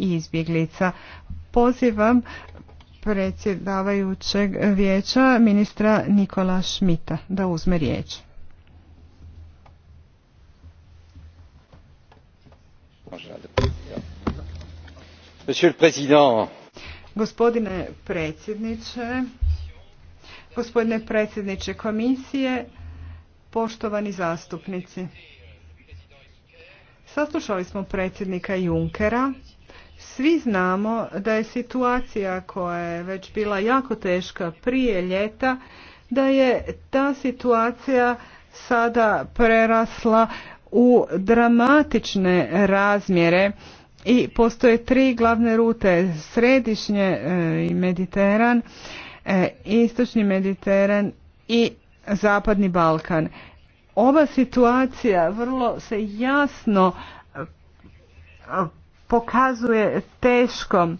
izbjeglica. Pozivam predsjedavajućeg vijeća ministra Nikola Šmita da uzme riječ. Gospodine predsjedniče, gospodine predsjedniče komisije, poštovani zastupnici. Saslušali smo predsjednika Junkera svi znamo da je situacija koja je već bila jako teška prije ljeta, da je ta situacija sada prerasla u dramatične razmjere i postoje tri glavne rute, središnje e, i Mediteran, e, istočni Mediteran i zapadni Balkan. Ova situacija vrlo se jasno pokazuje teškom,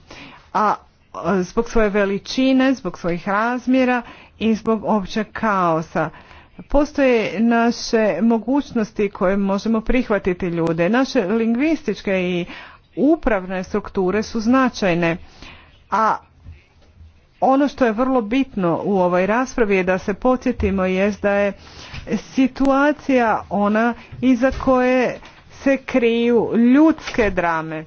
a zbog svoje veličine, zbog svojih razmjera i zbog općeg kaosa. Postoje naše mogućnosti koje možemo prihvatiti ljude. Naše lingvističke i upravne strukture su značajne, a ono što je vrlo bitno u ovoj raspravi je da se podsjetimo jest da je situacija ona iza koje se kriju ljudske drame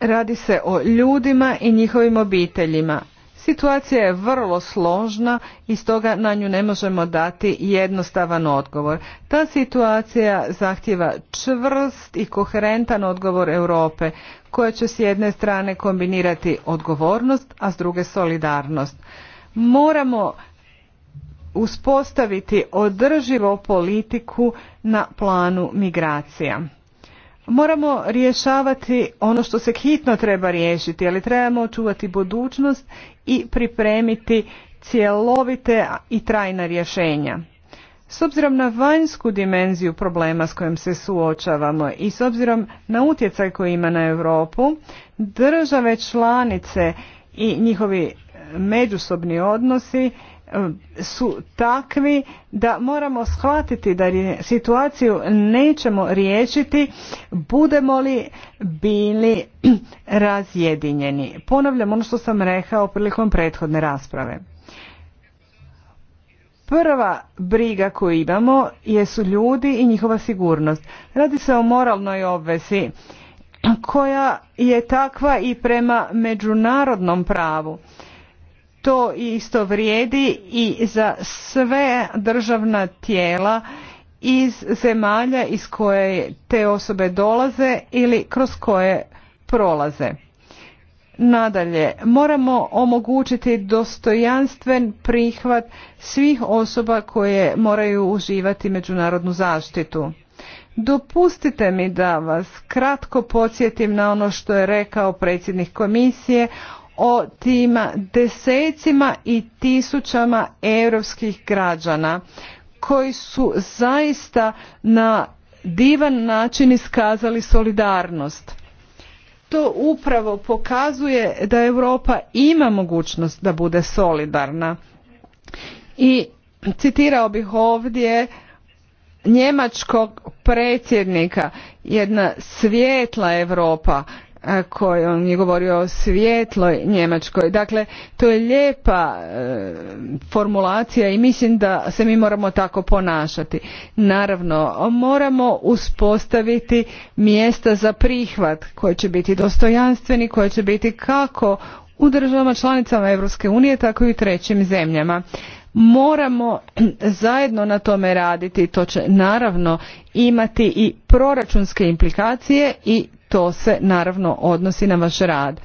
Radi se o ljudima i njihovim obiteljima. Situacija je vrlo složna i stoga na nju ne možemo dati jednostavan odgovor. Ta situacija zahtjeva čvrst i koherentan odgovor Europe koja će s jedne strane kombinirati odgovornost, a s druge solidarnost. Moramo uspostaviti održivo politiku na planu migracija. Moramo rješavati ono što se hitno treba riješiti, ali trebamo očuvati budućnost i pripremiti cjelovite i trajna rješenja. S obzirom na vanjsku dimenziju problema s kojim se suočavamo i s obzirom na utjecaj koji ima na Europu, države članice i njihovi međusobni odnosi su takvi da moramo shvatiti da situaciju nećemo riješiti budemo li bili razjedinjeni. Ponavljam ono što sam rekao prilikom prethodne rasprave. Prva briga koju imamo jesu ljudi i njihova sigurnost. Radi se o moralnoj obvezi koja je takva i prema međunarodnom pravu to isto vrijedi i za sve državna tijela iz zemalja iz koje te osobe dolaze ili kroz koje prolaze. Nadalje, moramo omogućiti dostojanstven prihvat svih osoba koje moraju uživati međunarodnu zaštitu. Dopustite mi da vas kratko podsjetim na ono što je rekao predsjednik komisije o tima desecima i tisućama europskih građana koji su zaista na divan način iskazali solidarnost. To upravo pokazuje da Europa ima mogućnost da bude solidarna. I citirao bih ovdje njemačkog predsjednika, jedna svijetla Europa on je govorio o svjetloj Njemačkoj. Dakle, to je lijepa e, formulacija i mislim da se mi moramo tako ponašati. Naravno, moramo uspostaviti mjesta za prihvat koji će biti dostojanstveni, koji će biti kako u državama članicama Europske unije, tako i u trećim zemljama. Moramo zajedno na tome raditi, to će naravno imati i proračunske implikacije i to se naravno odnosi na vaš rad.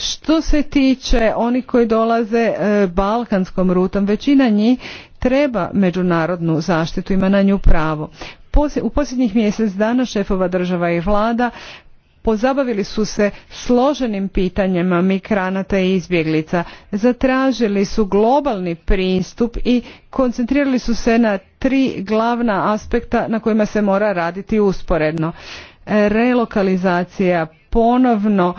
Što se tiče onih koji dolaze e, balkanskom rutom, većina njih treba međunarodnu zaštitu, ima na nju pravo. U posljednjih mjesec dana šefova država i vlada pozabavili su se složenim pitanjima migranata i izbjeglica, zatražili su globalni pristup i koncentrirali su se na tri glavna aspekta na kojima se mora raditi usporedno relokalizacija, ponovno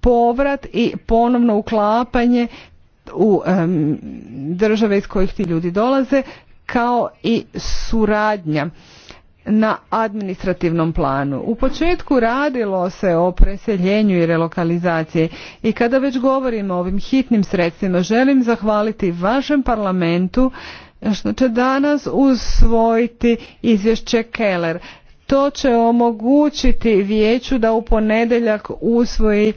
povrat i ponovno uklapanje u države iz kojih ti ljudi dolaze kao i suradnja na administrativnom planu. U početku radilo se o preseljenju i relokalizaciji i kada već govorimo o ovim hitnim sredstvima želim zahvaliti vašem parlamentu što će danas usvojiti izvješće Keller. To će omogućiti vijeću da u ponedjeljak usvoji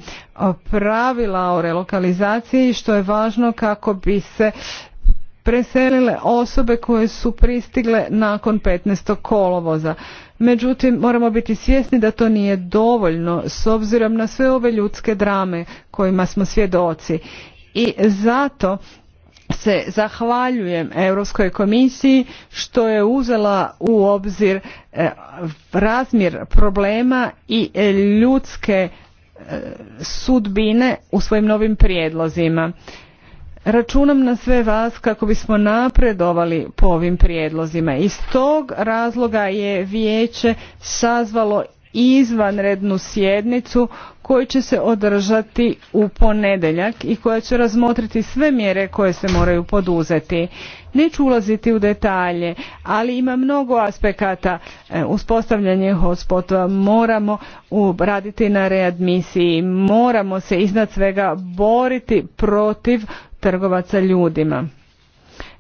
pravila o relokalizaciji što je važno kako bi se preselile osobe koje su pristigle nakon 15. kolovoza. Međutim, moramo biti svjesni da to nije dovoljno s obzirom na sve ove ljudske drame kojima smo svjedoci. I zato se zahvaljujem Europskoj komisiji što je uzela u obzir e, razmjer problema i ljudske e, sudbine u svojim novim prijedlozima. Računam na sve vas kako bismo napredovali po ovim prijedlozima. Iz tog razloga je vijeće sazvalo izvanrednu sjednicu koju će se održati u ponedjeljak i koja će razmotriti sve mjere koje se moraju poduzeti. Neću ulaziti u detalje, ali ima mnogo aspekata. E, uspostavljanje hotspotova moramo raditi na readmisiji, moramo se iznad svega boriti protiv trgovaca ljudima.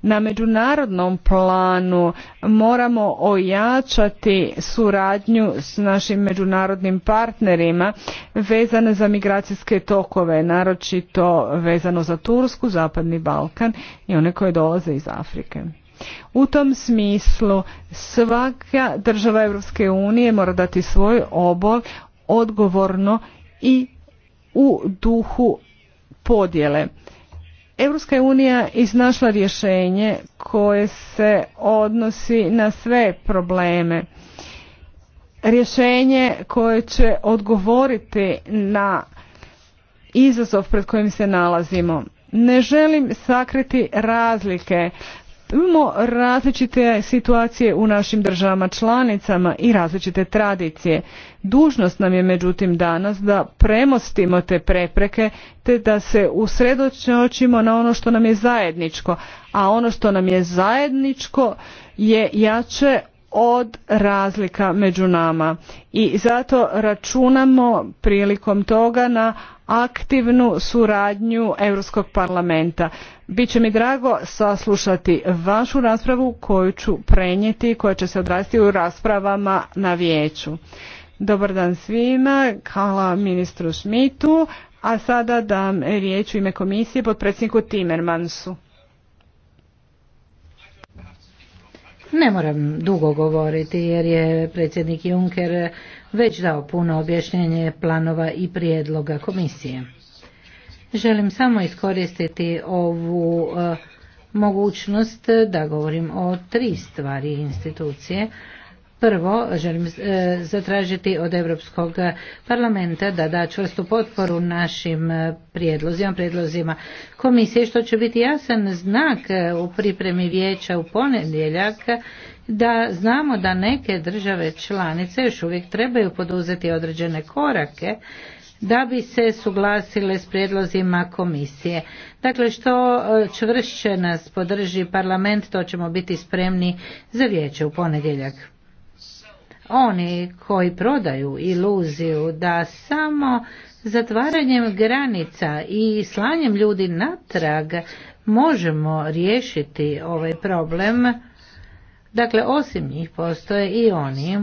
Na međunarodnom planu moramo ojačati suradnju s našim međunarodnim partnerima vezane za migracijske tokove, naročito vezano za Tursku, Zapadni Balkan i one koje dolaze iz Afrike. U tom smislu svaka država Europske unije mora dati svoj obol odgovorno i u duhu podjele. Europska unija iznašla rješenje koje se odnosi na sve probleme. Rješenje koje će odgovoriti na izazov pred kojim se nalazimo. Ne želim sakriti razlike Imamo različite situacije u našim državama članicama i različite tradicije. Dužnost nam je međutim danas da premostimo te prepreke te da se usredočimo na ono što nam je zajedničko, a ono što nam je zajedničko je jače od razlika među nama i zato računamo prilikom toga na aktivnu suradnju Europskog parlamenta. Biće mi drago saslušati vašu raspravu koju ću prenijeti i koja će se odrasti u raspravama na vijeću. Dobar dan svima, hvala ministru Šmitu, a sada dam riječ u ime komisije potpredsjedniku Timmermansu. Ne moram dugo govoriti jer je predsjednik Juncker već dao puno objašnjenje planova i prijedloga komisije. Želim samo iskoristiti ovu e, mogućnost da govorim o tri stvari institucije. Prvo, želim e, zatražiti od Europskog parlamenta da da čvrstu potporu našim e, prijedlozima, prijedlozima komisije, što će biti jasan znak u pripremi vijeća u ponedjeljak da znamo da neke države članice još uvijek trebaju poduzeti određene korake da bi se suglasile s prijedlozima komisije. Dakle, što e, čvršće nas podrži parlament, to ćemo biti spremni za vijeće u ponedjeljak. Oni koji prodaju iluziju da samo zatvaranjem granica i slanjem ljudi natrag možemo riješiti ovaj problem, Dakle, osim njih postoje i oni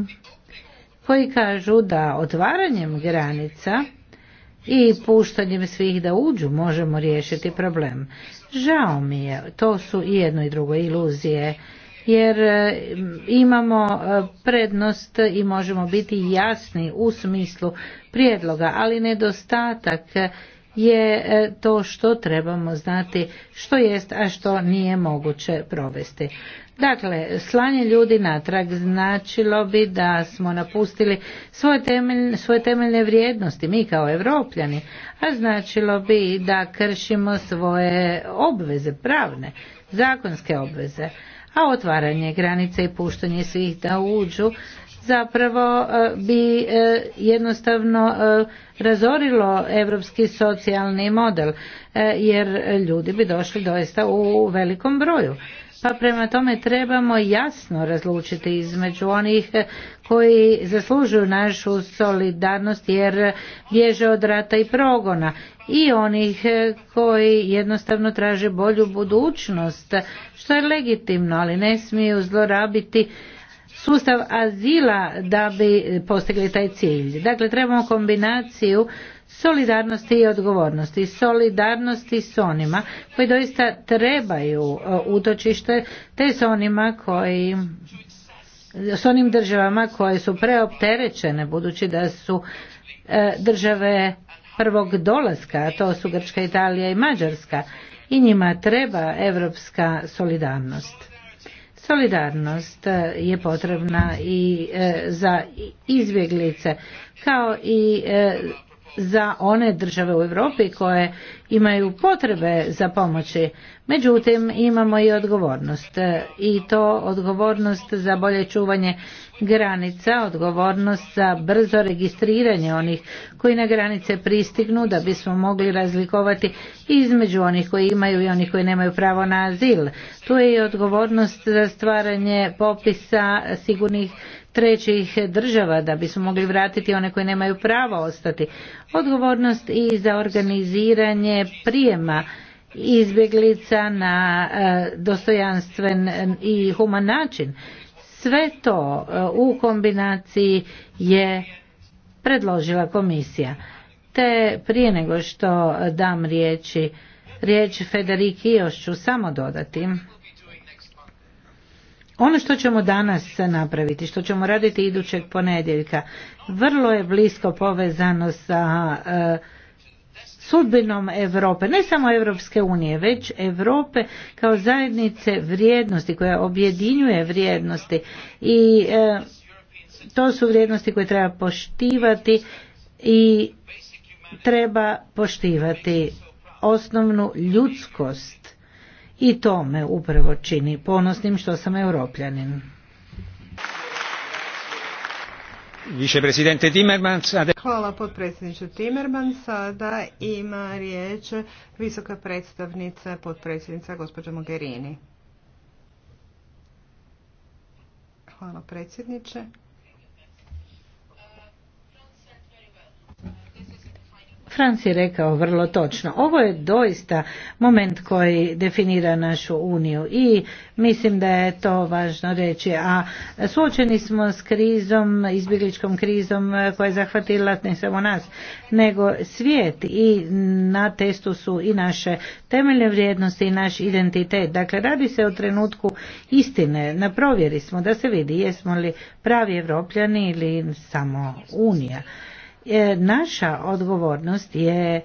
koji kažu da otvaranjem granica i puštanjem svih da uđu možemo riješiti problem. Žao mi je, to su i jedno i drugo iluzije, jer e, imamo e, prednost i možemo biti jasni u smislu prijedloga, ali nedostatak je e, to što trebamo znati što jest, a što nije moguće provesti. Dakle, slanje ljudi natrag značilo bi da smo napustili svoje temeljne, svoje temeljne vrijednosti, mi kao evropljani, a značilo bi da kršimo svoje obveze pravne, zakonske obveze, a otvaranje granice i puštanje svih da uđu zapravo e, bi e, jednostavno e, razorilo europski socijalni model jer ljudi bi došli doista u velikom broju pa prema tome trebamo jasno razlučiti između onih koji zaslužuju našu solidarnost jer bježe od rata i progona i onih koji jednostavno traže bolju budućnost što je legitimno ali ne smiju zlorabiti sustav azila da bi postigli taj cilj. Dakle, trebamo kombinaciju solidarnosti i odgovornosti, solidarnosti s onima koji doista trebaju e, utočište, te s onima koji s onim državama koje su preopterećene budući da su e, države prvog dolaska, a to su Grčka, Italija i Mađarska i njima treba europska solidarnost. Solidarnost e, je potrebna i za izbjeglice kao i za one države u Europi koje imaju potrebe za pomoći. Međutim, imamo i odgovornost e, i to odgovornost za bolje čuvanje granica, odgovornost za brzo registriranje onih koji na granice pristignu da bismo mogli razlikovati između onih koji imaju i onih koji nemaju pravo na azil. Tu je i odgovornost za stvaranje popisa sigurnih trećih država da bismo mogli vratiti one koji nemaju pravo ostati. Odgovornost i za organiziranje prijema izbjeglica na e, dostojanstven i human način. Sve to e, u kombinaciji je predložila komisija. Te prije nego što dam riječi, riječ Federiki još ću samo dodati ono što ćemo danas napraviti, što ćemo raditi idućeg ponedjeljka, vrlo je blisko povezano sa e, sudbinom Europe, ne samo Europske unije, već Europe kao zajednice vrijednosti koja objedinjuje vrijednosti i e, to su vrijednosti koje treba poštivati i treba poštivati osnovnu ljudskost i to me upravo čini ponosnim što sam europljanin. Timmermans. Hvala potpredsjedniče Timmermans. Sada ima riječ visoka predstavnica, potpredsjednica gospođa Mogherini. Hvala predsjedniče. Franc je rekao vrlo točno. Ovo je doista moment koji definira našu uniju i mislim da je to važno reći. A suočeni smo s krizom, izbjegličkom krizom koja je zahvatila ne samo nas, nego svijet i na testu su i naše temeljne vrijednosti i naš identitet. Dakle, radi se o trenutku istine. Na provjeri smo da se vidi jesmo li pravi evropljani ili samo Unija naša odgovornost je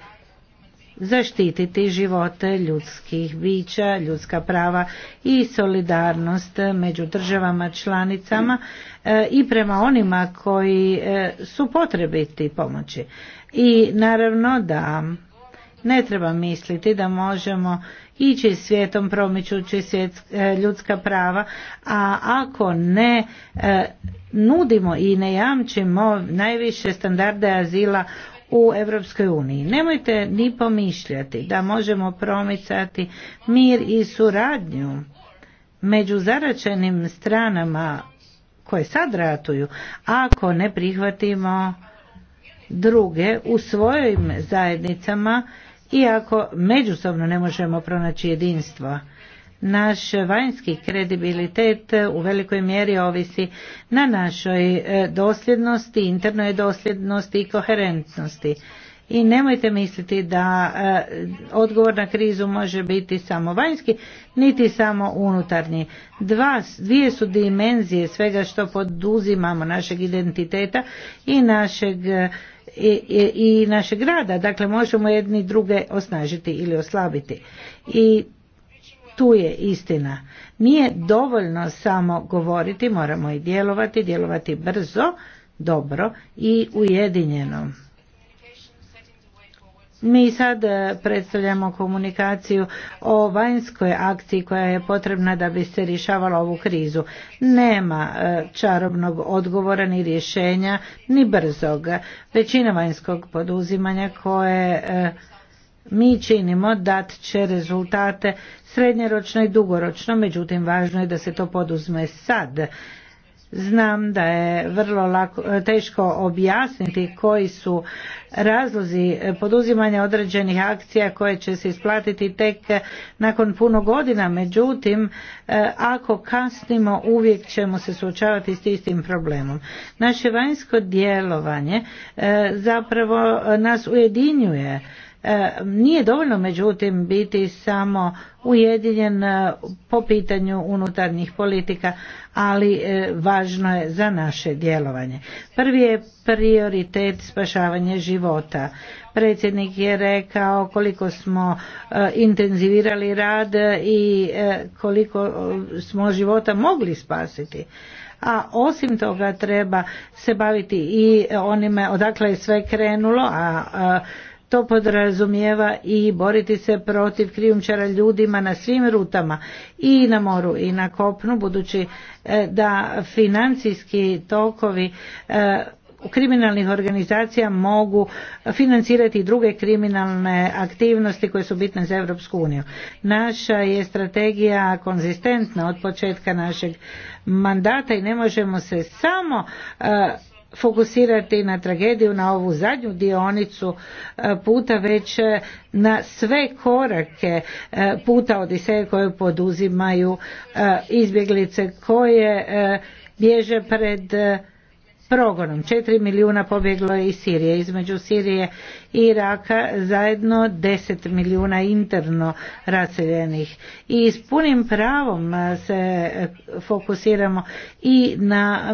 zaštititi živote ljudskih bića, ljudska prava i solidarnost među državama članicama e, i prema onima koji e, su potrebiti pomoći. I naravno da ne treba misliti da možemo ići svijetom promičući e, ljudska prava, a ako ne e, nudimo i ne jamčimo najviše standarde azila u Europskoj uniji. Nemojte ni pomišljati da možemo promicati mir i suradnju među zaračenim stranama koje sad ratuju, ako ne prihvatimo druge u svojim zajednicama iako međusobno ne možemo pronaći jedinstvo. Naš vanjski kredibilitet u velikoj mjeri ovisi na našoj e, dosljednosti, internoj dosljednosti i koherentnosti. I nemojte misliti da e, odgovor na krizu može biti samo vanjski, niti samo unutarnji. Dva, dvije su dimenzije svega što poduzimamo našeg identiteta i našeg e, i, naše grada, našeg rada. Dakle, možemo jedni druge osnažiti ili oslabiti. I tu je istina. Nije dovoljno samo govoriti, moramo i djelovati, djelovati brzo, dobro i ujedinjeno mi sad e, predstavljamo komunikaciju o vanjskoj akciji koja je potrebna da bi se rješavala ovu krizu. Nema e, čarobnog odgovora ni rješenja ni brzog. Većina vanjskog poduzimanja koje e, mi činimo dat će rezultate srednjeročno i dugoročno, međutim važno je da se to poduzme sad Znam da je vrlo lako, e, teško objasniti koji su razlozi poduzimanja određenih akcija koje će se isplatiti tek nakon puno godina, međutim e, ako kasnimo uvijek ćemo se suočavati s istim problemom. Naše vanjsko djelovanje e, zapravo nas ujedinjuje E, nije dovoljno međutim biti samo ujedinjen e, po pitanju unutarnjih politika, ali e, važno je za naše djelovanje. Prvi je prioritet spašavanje života. Predsjednik je rekao koliko smo intenzivirali rad i koliko smo života mogli spasiti a osim toga treba se baviti i onime odakle je sve krenulo, a to podrazumijeva i boriti se protiv krijumčara ljudima na svim rutama i na moru i na kopnu budući e, da financijski tokovi e, kriminalnih organizacija mogu financirati druge kriminalne aktivnosti koje su bitne za Europsku uniju. Naša je strategija konzistentna od početka našeg mandata i ne možemo se samo e, fokusirati na tragediju na ovu zadnju dionicu e, puta već e, na sve korake e, puta Odiseje koje poduzimaju izbjeglice koje bježe pred progonom. 4 milijuna pobjeglo je iz Sirije, između Sirije i Iraka zajedno 10 milijuna interno raseljenih. I s punim pravom se e, fokusiramo i na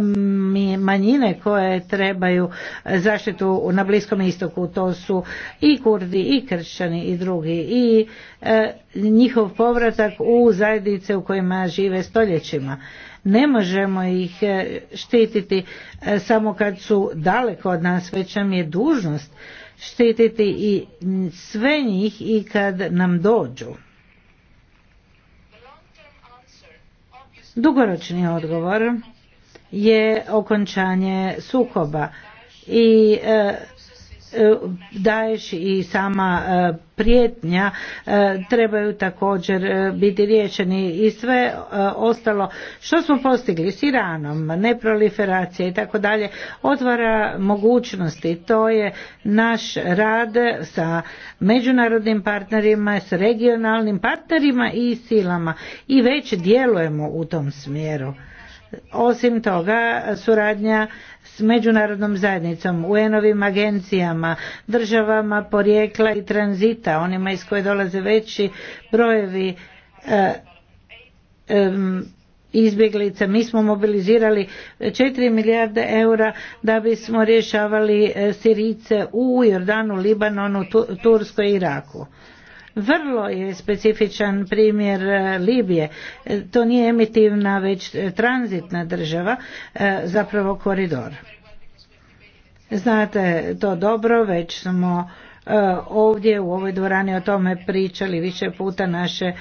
manjine koje trebaju zaštitu na Bliskom istoku. To su i kurdi i kršćani i drugi i e, njihov povratak u zajednice u kojima žive stoljećima ne možemo ih e, štititi e, samo kad su daleko od nas, već nam je dužnost štititi i sve njih i kad nam dođu. Dugoročni odgovor je okončanje sukoba i e, E, Daješ i sama e, prijetnja e, trebaju također biti riješeni i sve ostalo što smo postigli s Iranom, neproliferacija i tako dalje otvara mogućnosti. To je naš rad sa međunarodnim partnerima, s regionalnim partnerima i silama i već djelujemo u tom smjeru. Osim toga, suradnja s međunarodnom zajednicom, UN-ovim agencijama, državama porijekla i tranzita, onima iz koje dolaze veći brojevi e, izbjeglica. Mi smo mobilizirali 4 milijarde eura da bismo rješavali e, Sirice u Jordanu, Libanonu, Turskoj i Iraku. Vrlo je specifičan primjer e, Libije. E, to nije emitivna, već e, tranzitna država, zapravo koridor. Znate to dobro, već smo ovdje u ovoj dvorani o tome pričali više puta naše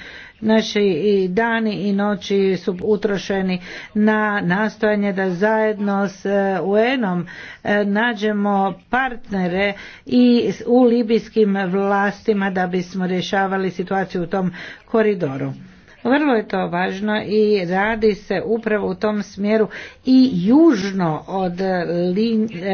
Naši i dani i noći su utrošeni na nastojanje da zajedno s e, UN-om e, nađemo partnere i u libijskim vlastima da bismo rješavali situaciju u tom koridoru. Vrlo je to važno i radi se upravo u tom smjeru i južno od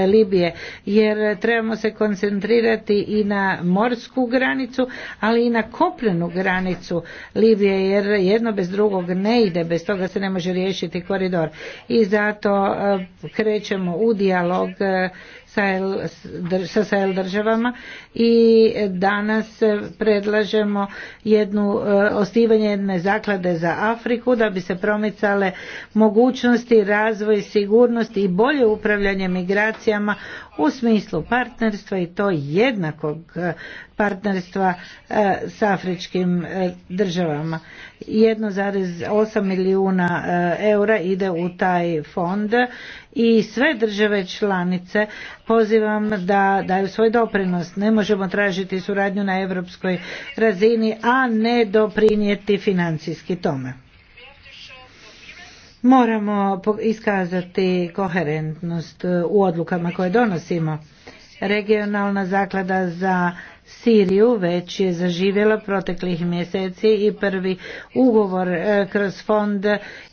Libije jer trebamo se koncentrirati i na morsku granicu ali i na kopljenu granicu Libije jer jedno bez drugog ne ide, bez toga se ne može riješiti koridor i zato eh, krećemo u dijalog eh, sa Sahel državama i danas predlažemo jednu e, osnivanje jedne zaklade za Afriku da bi se promicale mogućnosti, razvoj, sigurnosti i bolje upravljanje migracijama u smislu partnerstva i to jednakog partnerstva e, s afričkim e, državama. 1,8 milijuna e, eura ide u taj fond i sve države članice pozivam da daju svoj doprinos. Ne možemo tražiti suradnju na europskoj razini, a ne doprinijeti financijski tome. Moramo iskazati koherentnost u odlukama koje donosimo. Regionalna zaklada za Siriju već je zaživjela proteklih mjeseci i prvi ugovor e, kroz fond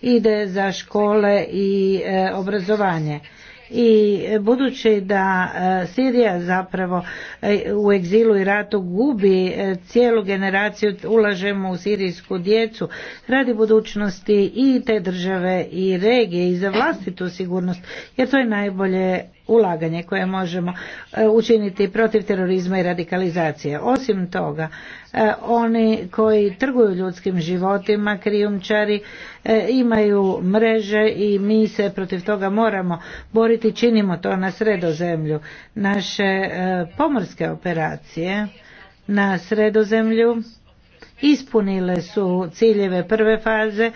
ide za škole i e, obrazovanje i budući da e, Sirija zapravo u egzilu i ratu gubi cijelu generaciju ulažemo u sirijsku djecu radi budućnosti i te države i regije i za vlastitu sigurnost jer to je najbolje ulaganje koje možemo e, učiniti protiv terorizma i radikalizacije. Osim toga, e, oni koji trguju ljudskim životima, krijumčari, e, imaju mreže i mi se protiv toga moramo boriti, činimo to na sredozemlju. Naše pomorske operacije na sredozemlju ispunile su ciljeve prve faze,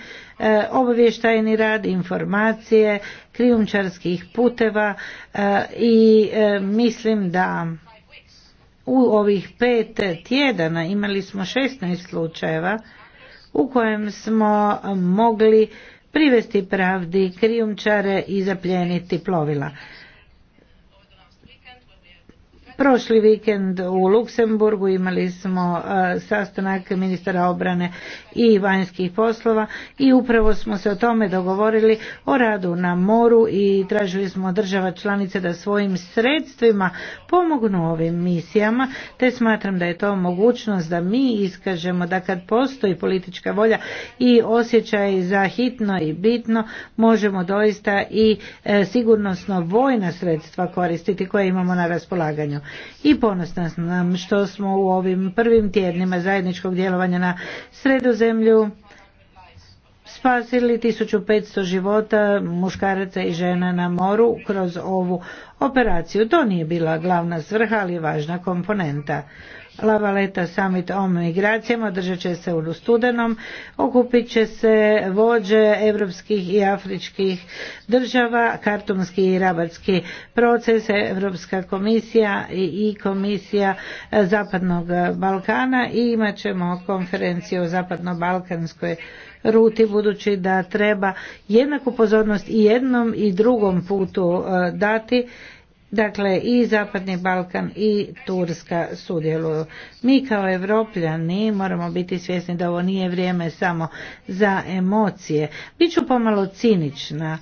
obavještajni rad, informacije, krijumčarskih puteva e, i e, mislim da u ovih pet tjedana imali smo 16 slučajeva u kojem smo mogli privesti pravdi krijumčare i zapljeniti plovila. Prošli vikend u Luksemburgu imali smo e, sastanak ministara obrane i vanjskih poslova i upravo smo se o tome dogovorili o radu na moru i tražili smo država članice da svojim sredstvima pomognu ovim misijama te smatram da je to mogućnost da mi iskažemo da kad postoji politička volja i osjećaj za hitno i bitno možemo doista i e, sigurnosno vojna sredstva koristiti koje imamo na raspolaganju i ponosna sam što smo u ovim prvim tjednima zajedničkog djelovanja na sredozemlju spasili 1500 života muškaraca i žena na moru kroz ovu operaciju. To nije bila glavna svrha, ali je važna komponenta. La Valeta Summit o migracijama održat će se u studenom. Okupit će se vođe evropskih i afričkih država, kartonski i rabatski proces, Evropska komisija i komisija e, Zapadnog Balkana i imat ćemo konferenciju o Zapadno-Balkanskoj ruti budući da treba jednaku pozornost i jednom i drugom putu e, dati Dakle, i Zapadni Balkan i Turska sudjeluju. Mi kao Evropljani moramo biti svjesni da ovo nije vrijeme samo za emocije. ću pomalo cinična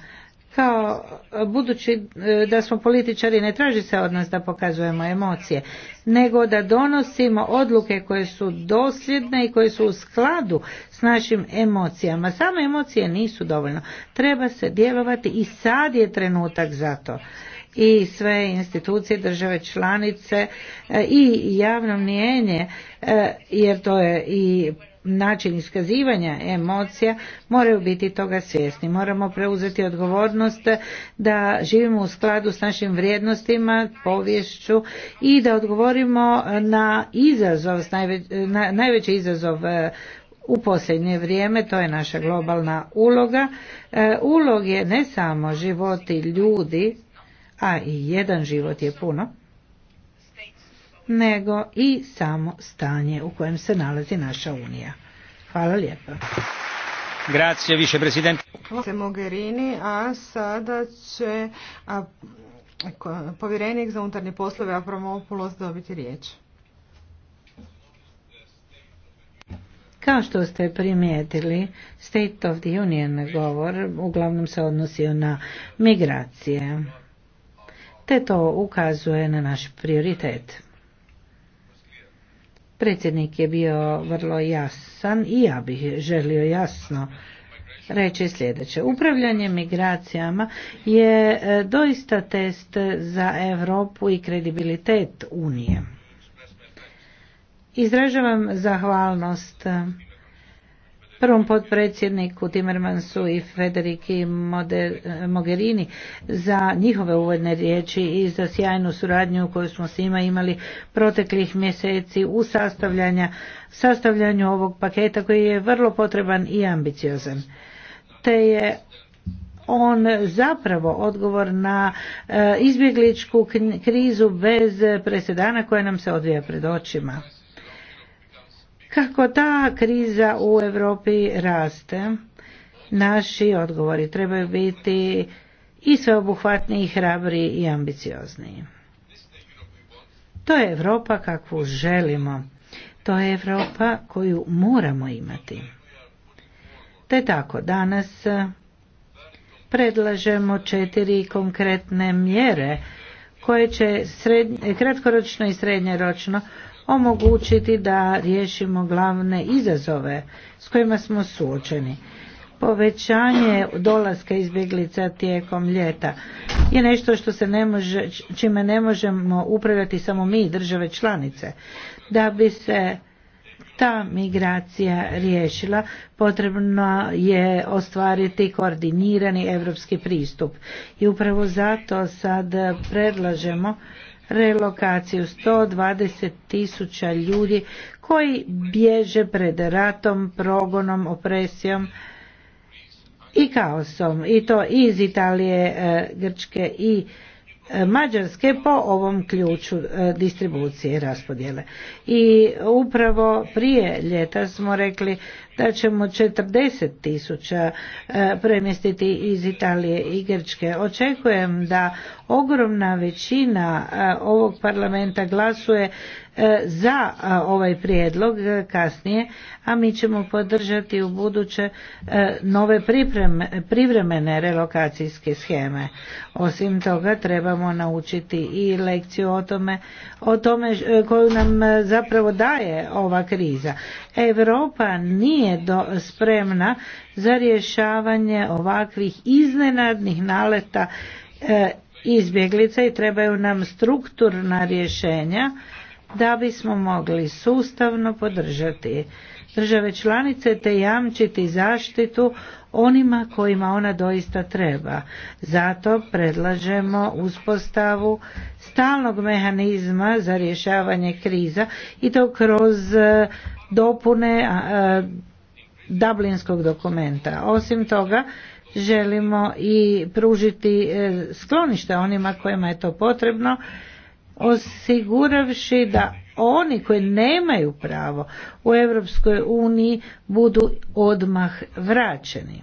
kao budući e, da smo političari ne traži se od nas da pokazujemo emocije nego da donosimo odluke koje su dosljedne i koje su u skladu s našim emocijama samo emocije nisu dovoljno treba se djelovati i sad je trenutak za to i sve institucije države članice e, i javno mnijenje e, jer to je i način iskazivanja emocija moraju biti toga svjesni. Moramo preuzeti odgovornost da živimo u skladu s našim vrijednostima, povješću i da odgovorimo na izazov, najveći izazov e, u posljednje vrijeme, to je naša globalna uloga. Ulog je ne samo životi ljudi, a i jedan život je puno, nego i samo stanje u kojem se nalazi naša Unija. Hvala lijepa. Grazie, se Mogherini, a sada će a, povjerenik za unutarnje poslove a promopulos, dobiti riječ. Kao što ste primijetili, State of the Union govor uglavnom se odnosio na migracije te to ukazuje na naš prioritet. Predsjednik je bio vrlo jasan i ja bih želio jasno reći sljedeće. Upravljanje migracijama je e, doista test za Europu i kredibilitet Unije. Izražavam zahvalnost prvom potpredsjedniku Timmermansu i Federici Mogherini za njihove uvodne riječi i za sjajnu suradnju koju smo s imali proteklih mjeseci u sastavljanja, sastavljanju ovog paketa koji je vrlo potreban i ambiciozan. Te je on zapravo odgovor na e, izbjegličku krizu bez presedana koja nam se odvija pred očima kako ta kriza u Europi raste, naši odgovori trebaju biti i sveobuhvatniji, i hrabri i ambiciozniji. To je Europa kakvu želimo. To je Europa koju moramo imati. Te tako danas predlažemo četiri konkretne mjere koje će kratkoročno i srednjeročno omogućiti da riješimo glavne izazove s kojima smo suočeni. Povećanje dolaska izbjeglica tijekom ljeta je nešto što se ne može, čime ne možemo upravljati samo mi države članice. Da bi se ta migracija riješila, potrebno je ostvariti koordinirani europski pristup. I upravo zato sad predlažemo relokaciju 120 tisuća ljudi koji bježe pred ratom, progonom, opresijom i kaosom. I to iz Italije, e, Grčke i Mađarske po ovom ključu e, distribucije raspodjele. I upravo prije ljeta smo rekli da ćemo 40 tisuća e, premjestiti iz Italije i Grčke. Očekujem da ogromna većina e, ovog parlamenta glasuje E, za ovaj prijedlog e, kasnije, a mi ćemo podržati u buduće e, nove pripreme, privremene relokacijske scheme. Osim toga trebamo naučiti i lekciju o tome, o tome koju nam zapravo daje ova kriza. Europa nije do, spremna za rješavanje ovakvih iznenadnih naleta izbjeglica i trebaju nam strukturna rješenja da bismo mogli sustavno podržati države članice te jamčiti zaštitu onima kojima ona doista treba. Zato predlažemo uspostavu stalnog mehanizma za rješavanje kriza i to kroz e, dopune e, Dublinskog dokumenta. Osim toga, želimo i pružiti e, sklonište onima kojima je to potrebno osiguravši da oni koji nemaju pravo u Europskoj uniji budu odmah vraćeni.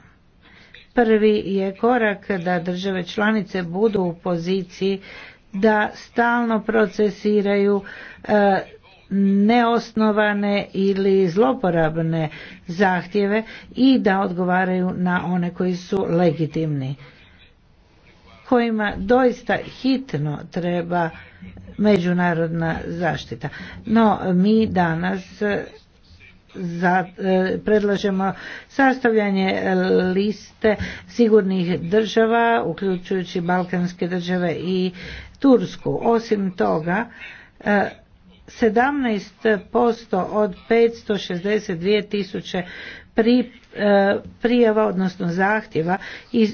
Prvi je korak da države članice budu u poziciji da stalno procesiraju e, neosnovane ili zloporabne zahtjeve i da odgovaraju na one koji su legitimni kojima doista hitno treba međunarodna zaštita. No, mi danas e, za, e, predlažemo sastavljanje liste sigurnih država, uključujući balkanske države i Tursku. Osim toga, 17% e, od 562 tisuće pri E, prijava odnosno zahtjeva e,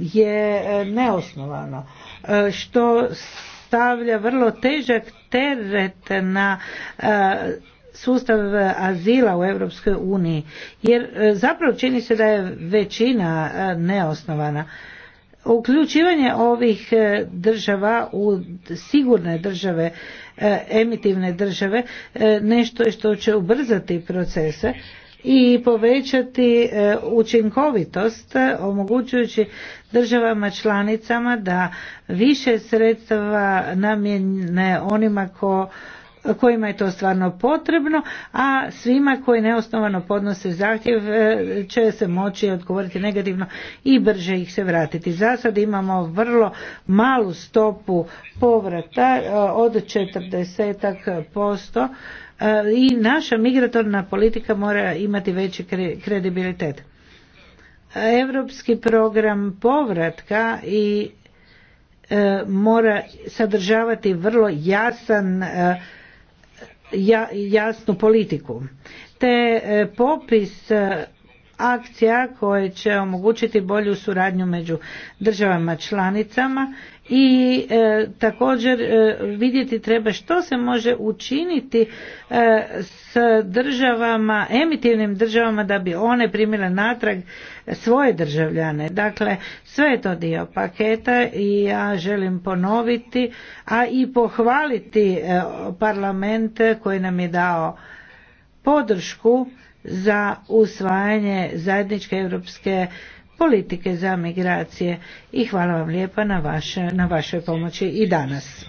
je e, neosnovano što stavlja vrlo težak teret na sustav azila u Europskoj uniji jer zapravo čini se da je većina neosnovana uključivanje ovih država u sigurne države emitivne države nešto je što će ubrzati procese i povećati e, učinkovitost e, omogućujući državama članicama da više sredstava namjene onima ko kojima je to stvarno potrebno, a svima koji neosnovano podnose zahtjev e, će se moći odgovoriti negativno i brže ih se vratiti. Za sad imamo vrlo malu stopu povrata od 40% E, i naša migratorna politika mora imati veći kredibilitet. Europski program povratka i e, mora sadržavati vrlo jasan e, jasnu politiku. Te popis akcija koje će omogućiti bolju suradnju među državama članicama i e, također e, vidjeti treba što se može učiniti e, s državama, emitivnim državama da bi one primile natrag svoje državljane. Dakle, sve je to dio paketa i ja želim ponoviti, a i pohvaliti parlament koji nam je dao podršku za usvajanje zajedničke europske politike za migracije i hvala vam lijepa na, na vašoj pomoći i danas.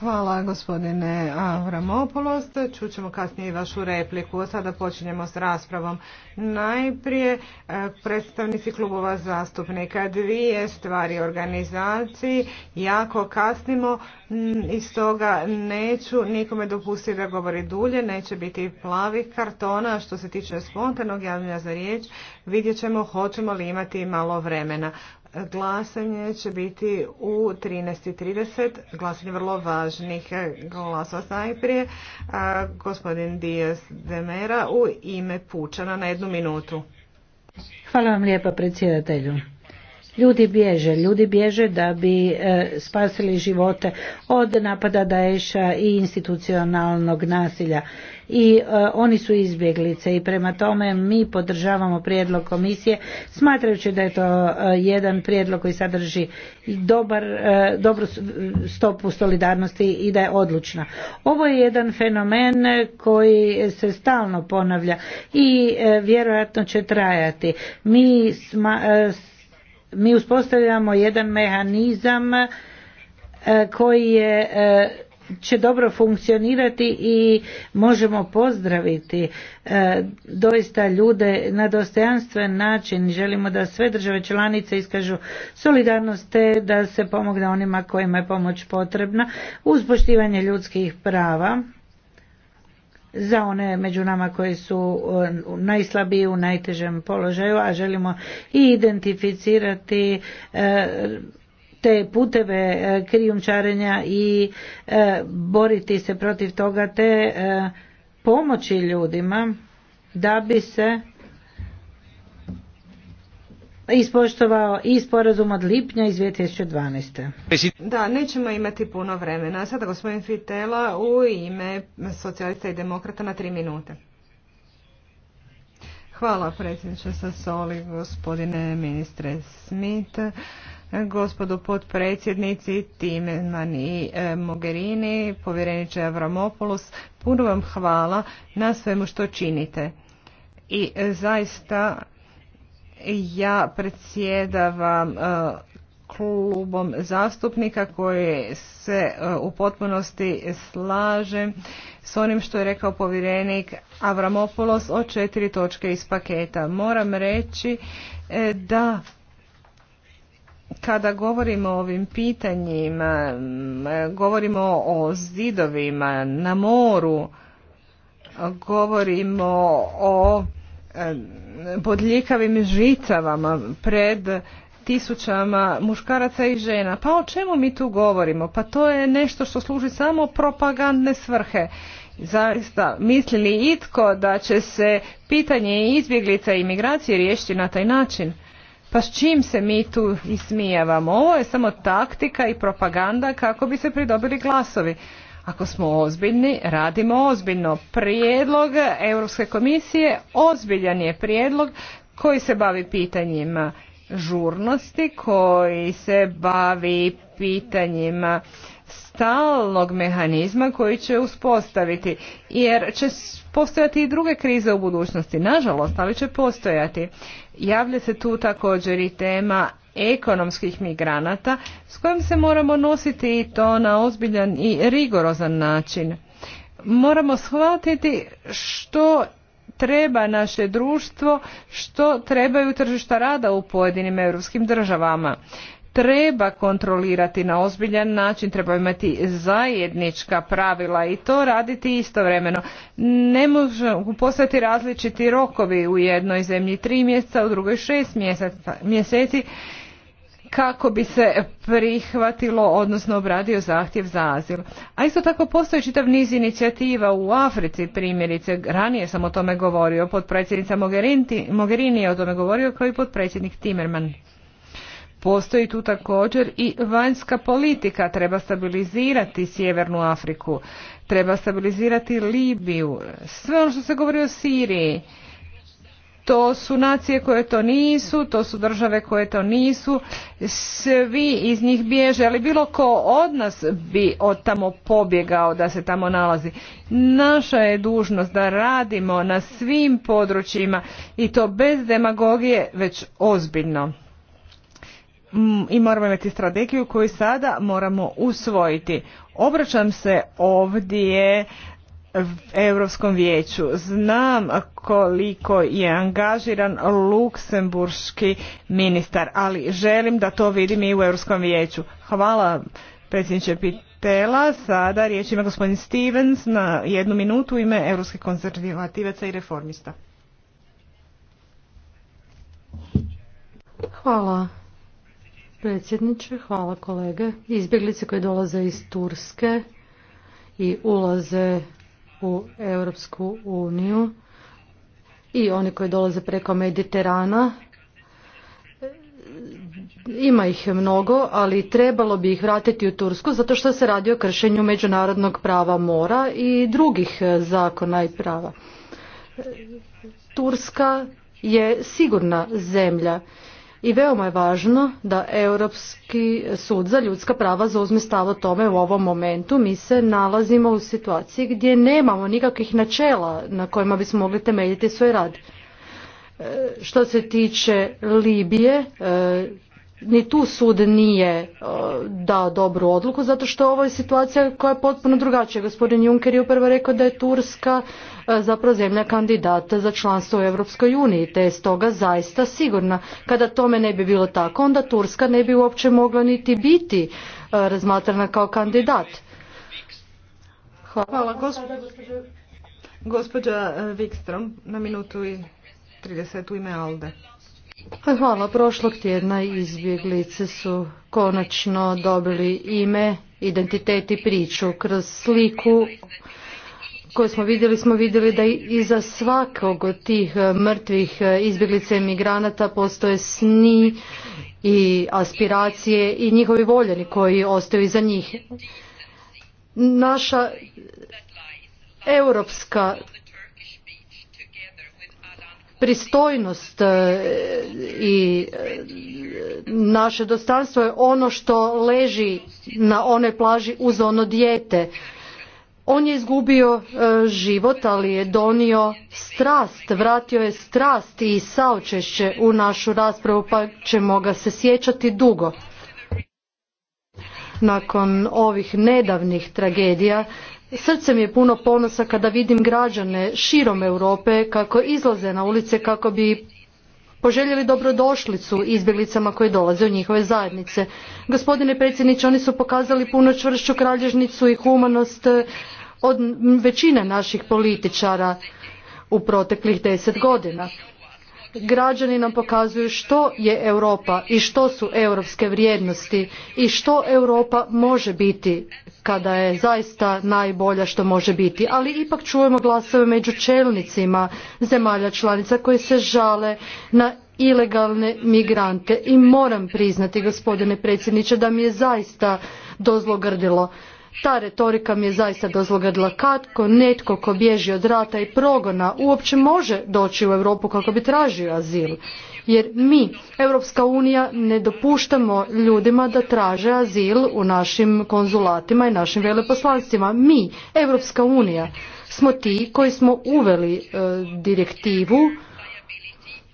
Hvala gospodine Avramopoulos. Čućemo kasnije i vašu repliku. Sada počinjemo s raspravom. Najprije e, predstavnici klubova zastupnika. Dvije stvari organizaciji. Jako kasnimo mm, i stoga neću nikome dopustiti da govori dulje. Neće biti plavih kartona. Što se tiče spontanog javljanja za riječ, vidjet ćemo hoćemo li imati malo vremena. Glasanje će biti u 13.30, glasanje vrlo važnih glasova najprije. gospodin Dijas Demera u ime Pučana na jednu minutu. Hvala vam lijepa predsjedatelju. Ljudi bježe, ljudi bježe da bi e, spasili živote od napada Daesha i institucionalnog nasilja i e, oni su izbjeglice i prema tome mi podržavamo prijedlog komisije smatrajući da je to e, jedan prijedlog koji sadrži dobar, e, dobru stopu solidarnosti i da je odlučna. Ovo je jedan fenomen koji se stalno ponavlja i vjerojatno će trajati. Mi sma, mi uspostavljamo jedan mehanizam e, koji je e, će dobro funkcionirati i možemo pozdraviti e, doista ljude na dostojanstven način. Želimo da sve države članice iskažu solidarnost te da se pomogne onima kojima je pomoć potrebna uz poštivanje ljudskih prava za one među nama koji su e, najslabiji u najtežem položaju, a želimo i identificirati e, te puteve e, krijumčarenja i boriti se protiv toga te pomoći ljudima da bi se ispoštovao i sporazum od lipnja iz 2012. Da, nećemo imati puno vremena. Sada gospodin Fitela u ime socijalista i demokrata na tri minute. Hvala predsjedniče soli gospodine ministre Smith, gospodo potpredsjednici Timeman i e, Mogherini, povjereniče Avramopoulos, puno vam hvala na svemu što činite. I e, zaista ja predsjedavam e, klubom zastupnika koji se e, u potpunosti slaže s onim što je rekao povjerenik Avramopoulos o četiri točke iz paketa. Moram reći e, da kada govorimo o ovim pitanjima, govorimo o zidovima na moru, govorimo o bodljikavim žicavama pred tisućama muškaraca i žena. Pa o čemu mi tu govorimo? Pa to je nešto što služi samo propagandne svrhe. Zaista, misli li itko da će se pitanje izbjeglica i imigracije riješiti na taj način? Pa s čim se mi tu ismijevamo? Ovo je samo taktika i propaganda kako bi se pridobili glasovi. Ako smo ozbiljni, radimo ozbiljno. Prijedlog Europske komisije ozbiljan je prijedlog koji se bavi pitanjima žurnosti, koji se bavi pitanjima stalnog mehanizma koji će uspostaviti, jer će postojati i druge krize u budućnosti, nažalost, ali će postojati. Javlja se tu također i tema ekonomskih migranata s kojim se moramo nositi i to na ozbiljan i rigorozan način. Moramo shvatiti što treba naše društvo, što trebaju tržišta rada u pojedinim europskim državama. Treba kontrolirati na ozbiljan način, treba imati zajednička pravila i to raditi istovremeno. Ne možemo postati različiti rokovi u jednoj zemlji tri mjeseca, u drugoj šest mjeseci kako bi se prihvatilo odnosno obradio zahtjev za azil. A isto tako postoji čitav niz inicijativa u Africi primjerice, ranije sam o tome govorio, potpredsjednica Mogherini, Mogherini je o tome govorio kao i potpredsjednik Timerman. Postoji tu također i vanjska politika, treba stabilizirati Sjevernu Afriku, treba stabilizirati Libiju, sve ono što se govori o Siriji to su nacije koje to nisu, to su države koje to nisu, svi iz njih bježe, ali bilo ko od nas bi od tamo pobjegao da se tamo nalazi. Naša je dužnost da radimo na svim područjima i to bez demagogije već ozbiljno. Mm, I moramo imati strategiju koju sada moramo usvojiti. Obraćam se ovdje Europskom vijeću. Znam koliko je angažiran luksemburški ministar, ali želim da to vidim i u Europskom vijeću. Hvala predsjedniče Pitela. Sada riječ ima gospodin Stevens na jednu minutu u ime Europskih konzervativaca i reformista. Hvala predsjedniče, hvala kolege. Izbjeglice koje dolaze iz Turske i ulaze u Europsku uniju i oni koji dolaze preko Mediterana. Ima ih mnogo, ali trebalo bi ih vratiti u Tursku zato što se radi o kršenju međunarodnog prava mora i drugih zakona i prava. Turska je sigurna zemlja i veoma je važno da Europski sud za ljudska prava zauzme stav o tome u ovom momentu. Mi se nalazimo u situaciji gdje nemamo nikakvih načela na kojima bismo mogli temeljiti svoj rad. E, što se tiče Libije, e, ni tu sud nije e, dao dobru odluku zato što ovo je situacija koja je potpuno drugačija. Gospodin Juncker je upravo rekao da je Turska e, zapravo zemlja kandidata za članstvo u Europskoj uniji, te je stoga zaista sigurna. Kada tome ne bi bilo tako, onda Turska ne bi uopće mogla niti biti e, razmatrana kao kandidat. Hvala, gospođa na minutu i 30 u ime Alde. Hvala. Prošlog tjedna izbjeglice su konačno dobili ime, identitet i priču. Kroz sliku koju smo vidjeli, smo vidjeli da iza svakog od tih e, mrtvih e, izbjeglica i migranata postoje sni i aspiracije i njihovi voljeni koji ostaju iza njih. Naša europska pristojnost e, i e, naše dostanstvo je ono što leži na onoj plaži uz ono dijete. On je izgubio e, život, ali je donio strast, vratio je strast i saučešće u našu raspravu, pa ćemo ga se sjećati dugo. Nakon ovih nedavnih tragedija, Srce mi je puno ponosa kada vidim građane širom Europe kako izlaze na ulice kako bi poželjeli dobrodošlicu izbjeglicama koje dolaze u njihove zajednice. Gospodine predsjedniče, oni su pokazali puno čvršću kralježnicu i humanost eh, od većine naših političara u proteklih deset godina građani nam pokazuju što je Europa i što su europske vrijednosti i što Europa može biti kada je zaista najbolja što može biti. Ali ipak čujemo glasove među čelnicima zemalja članica koji se žale na ilegalne migrante i moram priznati gospodine predsjedniče da mi je zaista dozlogrdilo ta retorika mi je zaista dozlogadla katko netko ko bježi od rata i progona uopće može doći u Europu kako bi tražio azil. Jer mi, Europska unija, ne dopuštamo ljudima da traže azil u našim konzulatima i našim veleposlanstvima. Mi, Europska unija, smo ti koji smo uveli e, direktivu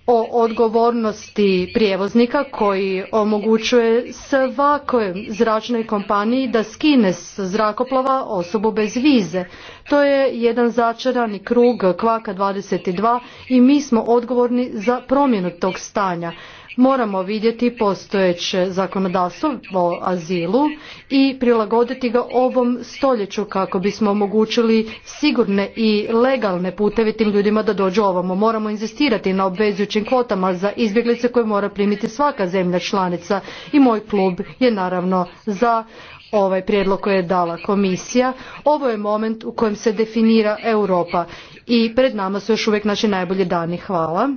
o odgovornosti prijevoznika koji omogućuje svakoj zračnoj kompaniji da skine s zrakoplova osobu bez vize. To je jedan začarani krug kvaka 22 i mi smo odgovorni za promjenu tog stanja moramo vidjeti postojeće zakonodavstvo o azilu i prilagoditi ga ovom stoljeću kako bismo omogućili sigurne i legalne puteve tim ljudima da dođu ovamo. Moramo inzistirati na obvezujućim kvotama za izbjeglice koje mora primiti svaka zemlja članica i moj klub je naravno za ovaj prijedlog koji je dala komisija. Ovo je moment u kojem se definira Europa i pred nama su još uvijek naši najbolji dani. Hvala.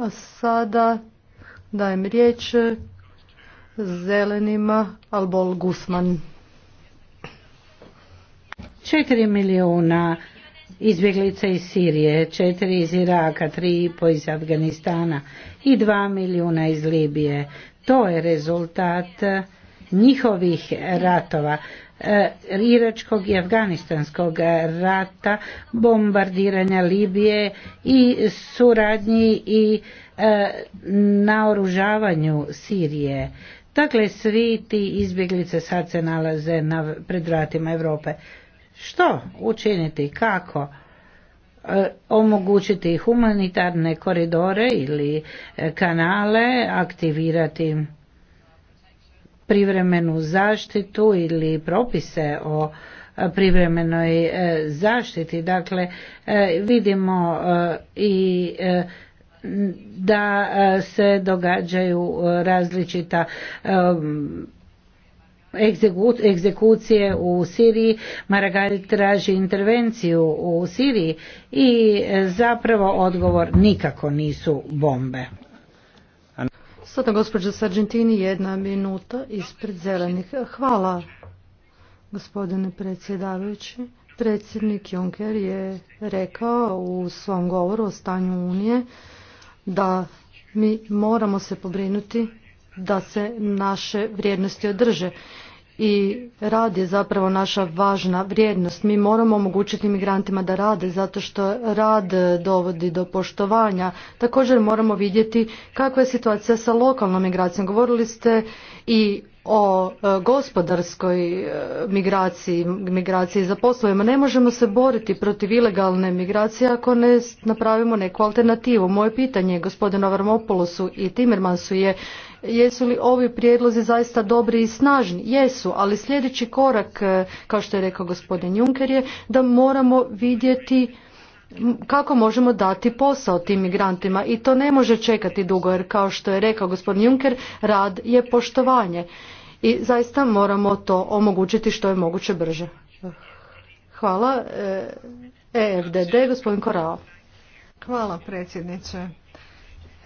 A sada dajem riječ zelenima Albol Gusman. Četiri milijuna izbjeglica iz Sirije, četiri iz Iraka, po iz Afganistana i dva milijuna iz Libije. To je rezultat njihovih ratova. E, iračkog i afganistanskog rata, bombardiranja Libije i suradnji i e, naoružavanju Sirije. Dakle, svi ti izbjeglice sad se nalaze na, pred vratima Europe. Što učiniti? Kako? E, omogućiti humanitarne koridore ili kanale, aktivirati privremenu zaštitu ili propise o e, privremenoj e, zaštiti. Dakle, e, vidimo i da se događaju različita egzekucije u Siriji. Maragal traži intervenciju u Siriji i zapravo odgovor nikako nisu bombe. Sada gospođa Sargentini, jedna minuta ispred zelenih. Hvala gospodine predsjedavajući. Predsjednik Juncker je rekao u svom govoru o stanju Unije da mi moramo se pobrinuti da se naše vrijednosti održe i rad je zapravo naša važna vrijednost. Mi moramo omogućiti migrantima da rade zato što rad e, dovodi do poštovanja. Također moramo vidjeti kakva je situacija sa lokalnom migracijom. Govorili ste i o e, gospodarskoj e, migraciji, migraciji za poslovima. Ne možemo se boriti protiv ilegalne migracije ako ne napravimo neku alternativu. Moje pitanje gospodinu Avramopoulosu i Timmermansu je jesu li ovi prijedlozi zaista dobri i snažni? Jesu, ali sljedeći korak, e, kao što je rekao gospodin Juncker, je da moramo vidjeti kako možemo dati posao tim migrantima i to ne može čekati dugo jer kao što je rekao gospodin Juncker, rad je poštovanje i zaista moramo to omogućiti što je moguće brže. Hvala. EFDD, eh, e gospodin Korao. Hvala predsjedniče.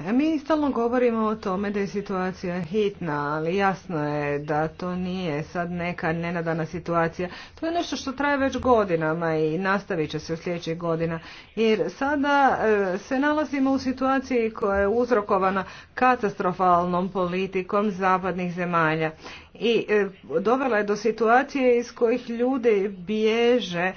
E, mi stalno govorimo o tome da je situacija hitna, ali jasno je da to nije sad neka nenadana situacija. To je nešto što traje već godinama i nastavit će se u sljedećih godina. Jer sada e, se nalazimo u situaciji koja je uzrokovana katastrofalnom politikom zapadnih zemalja. I e, dovela je do situacije iz kojih ljudi bježe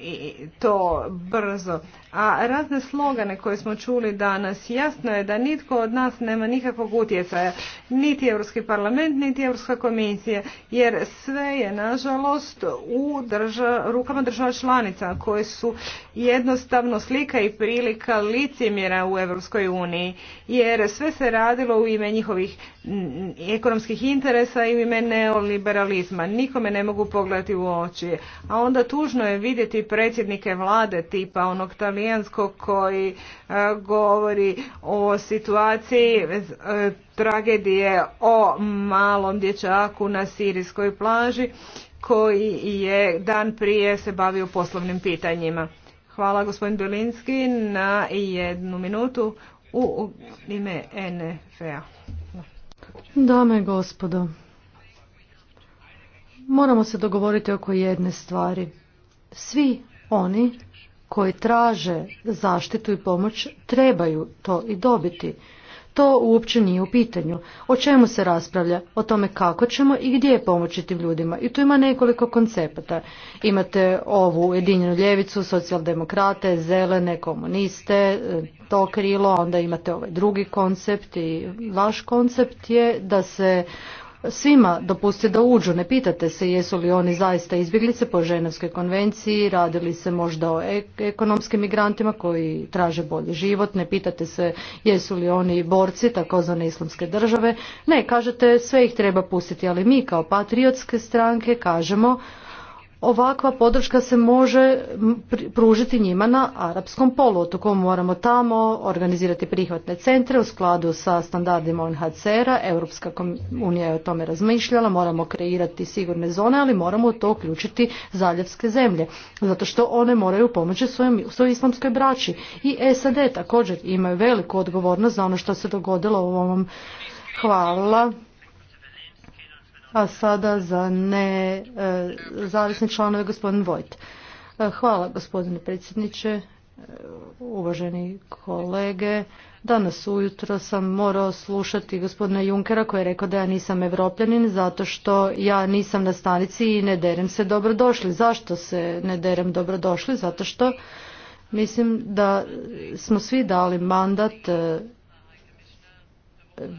i to brzo. A razne slogane koje smo čuli danas, jasno je da nitko od nas nema nikakvog utjecaja, niti Europski parlament, niti Europska komisija, jer sve je nažalost u rukama država članica koje su jednostavno slika i prilika licemjera u Europskoj uniji, jer sve se radilo u ime njihovih ekonomskih interesa i u ime neoliberalizma. Nikome ne mogu pogledati u oči. A onda tužno je vidjeti predsjednike vlade tipa onog tali talijanskog koji e, govori o situaciji e, tragedije o malom dječaku na sirijskoj plaži koji je dan prije se bavio poslovnim pitanjima. Hvala gospodin Belinski na jednu minutu u ime NFA. Dame i gospodo, moramo se dogovoriti oko jedne stvari. Svi oni koji traže zaštitu i pomoć trebaju to i dobiti. To uopće nije u pitanju. O čemu se raspravlja? O tome kako ćemo i gdje pomoći tim ljudima. I tu ima nekoliko koncepata. Imate ovu jedinjenu ljevicu, socijaldemokrate, zelene, komuniste, e, to krilo, onda imate ovaj drugi koncept i vaš koncept je da se svima dopusti da uđu. Ne pitate se jesu li oni zaista izbjeglice po Ženevskoj konvenciji, radili se možda o e- ekonomskim migrantima koji traže bolji život, ne pitate se jesu li oni borci takozvane islamske države. Ne, kažete sve ih treba pustiti, ali mi kao patriotske stranke kažemo Ovakva podrška se može pružiti njima na arapskom poluotoku. Moramo tamo organizirati prihvatne centre u skladu sa standardima UNHCR-a. Europska unija je o tome razmišljala. Moramo kreirati sigurne zone, ali moramo u to uključiti zaljevske zemlje. Zato što one moraju pomoći svoj svojoj islamskoj braći. I SAD također imaju veliku odgovornost za ono što se dogodilo u ovom. Hvala a sada za ne e, zavisni članove gospodin Vojt. E, hvala gospodine predsjedniče, e, uvaženi kolege. Danas ujutro sam morao slušati gospodina Junkera koji je rekao da ja nisam evropljanin zato što ja nisam na stanici i ne derem se dobrodošli. Zašto se ne derem dobrodošli? Zato što mislim da smo svi dali mandat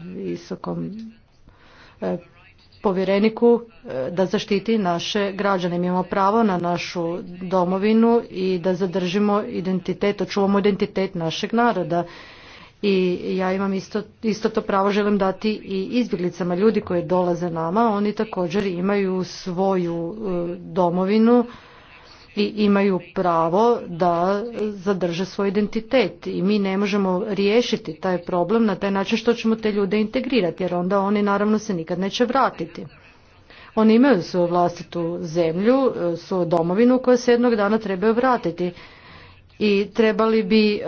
visokom povjereniku e, da zaštiti naše građane. Mi imamo pravo na našu domovinu i da zadržimo identitet, očuvamo identitet našeg naroda. I ja imam isto, isto to pravo želim dati i izbjeglicama ljudi koji dolaze nama, oni također imaju svoju e, domovinu i imaju pravo da zadrže svoj identitet i mi ne možemo riješiti taj problem na taj način što ćemo te ljude integrirati jer onda oni naravno se nikad neće vratiti. Oni imaju svoju vlastitu zemlju, svoju domovinu koja se jednog dana trebaju vratiti i trebali bi e,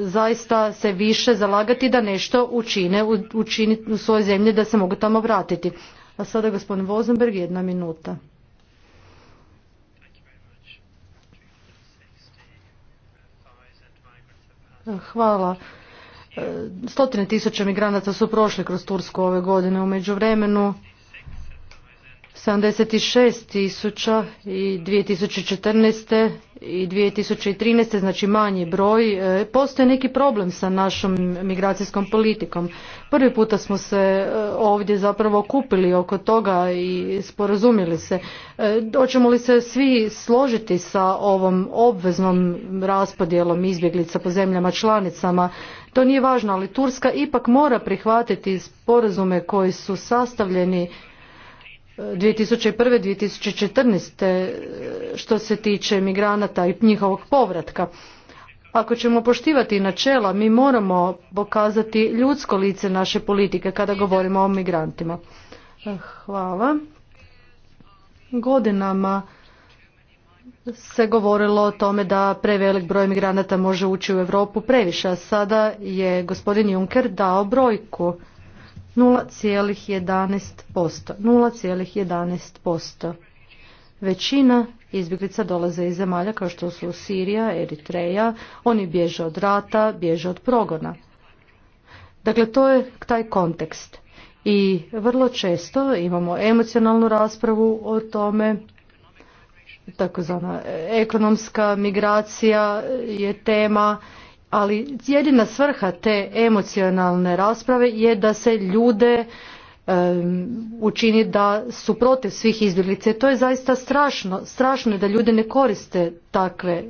zaista se više zalagati da nešto učine u, u svojoj zemlji da se mogu tamo vratiti. A sada gospodin Vozenberg, jedna minuta. Hvala. E, stotine tisuća migranata su prošli kroz Tursku ove godine. U međuvremenu 76 tisuća i 2014. i 2013. znači manji broj. E, postoji neki problem sa našom migracijskom politikom. Prvi puta smo se e, ovdje zapravo kupili oko toga i sporazumili se. E, hoćemo li se svi složiti sa ovom obveznom raspodjelom izbjeglica po zemljama članicama? To nije važno, ali Turska ipak mora prihvatiti sporazume koji su sastavljeni 2001. 2014. što se tiče migranata i njihovog povratka. Ako ćemo poštivati načela, mi moramo pokazati ljudsko lice naše politike kada govorimo o migrantima. Hvala. Godinama se govorilo o tome da prevelik broj migranata može ući u Europu previše, a sada je gospodin Juncker dao brojku 0,11%. 0,11%. Većina izbjeglica dolaze iz zemalja kao što su Sirija, Eritreja, oni bježe od rata, bježe od progona. Dakle, to je taj kontekst. I vrlo često imamo emocionalnu raspravu o tome, takozvana ekonomska migracija je tema ali jedina svrha te emocionalne rasprave je da se ljude učini da su protiv svih izbjeglice. To je zaista strašno. Strašno je da ljudi ne koriste takve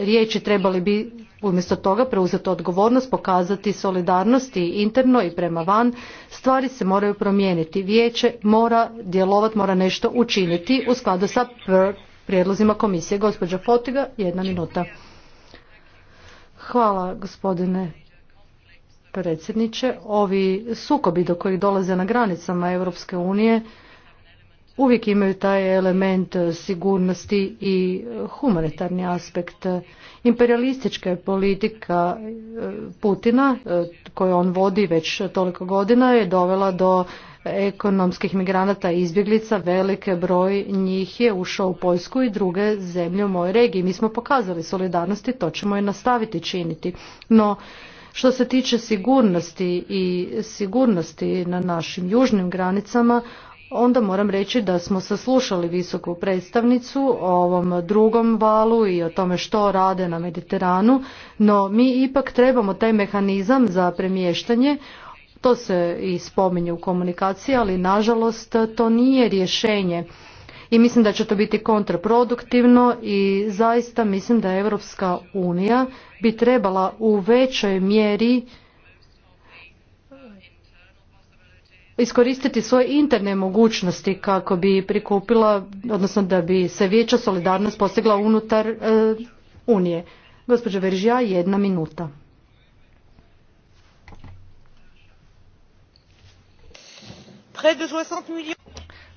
riječi. Trebali bi umjesto toga preuzeti odgovornost, pokazati solidarnost i interno i prema van. Stvari se moraju promijeniti. Vijeće mora djelovati, mora nešto učiniti u skladu sa prijedlozima komisije. Gospođa Fotiga, jedna minuta. Hvala gospodine predsjedniče. Ovi sukobi do kojih dolaze na granicama Europske unije uvijek imaju taj element sigurnosti i humanitarni aspekt. Imperialistička je politika e, Putina e, koju on vodi već toliko godina je dovela do ekonomskih migranata i izbjeglica, velike broj njih je ušao u Poljsku i druge zemlje u mojoj regiji. Mi smo pokazali solidarnost i to ćemo je nastaviti činiti. No, što se tiče sigurnosti i sigurnosti na našim južnim granicama, onda moram reći da smo saslušali visoku predstavnicu o ovom drugom valu i o tome što rade na Mediteranu, no mi ipak trebamo taj mehanizam za premještanje to se i spominje u komunikaciji, ali nažalost to nije rješenje. I mislim da će to biti kontraproduktivno i zaista mislim da Europska unija bi trebala u većoj mjeri iskoristiti svoje interne mogućnosti kako bi prikupila, odnosno da bi se vijeća solidarnost postigla unutar e, Unije. Gospođo Veržija, jedna minuta.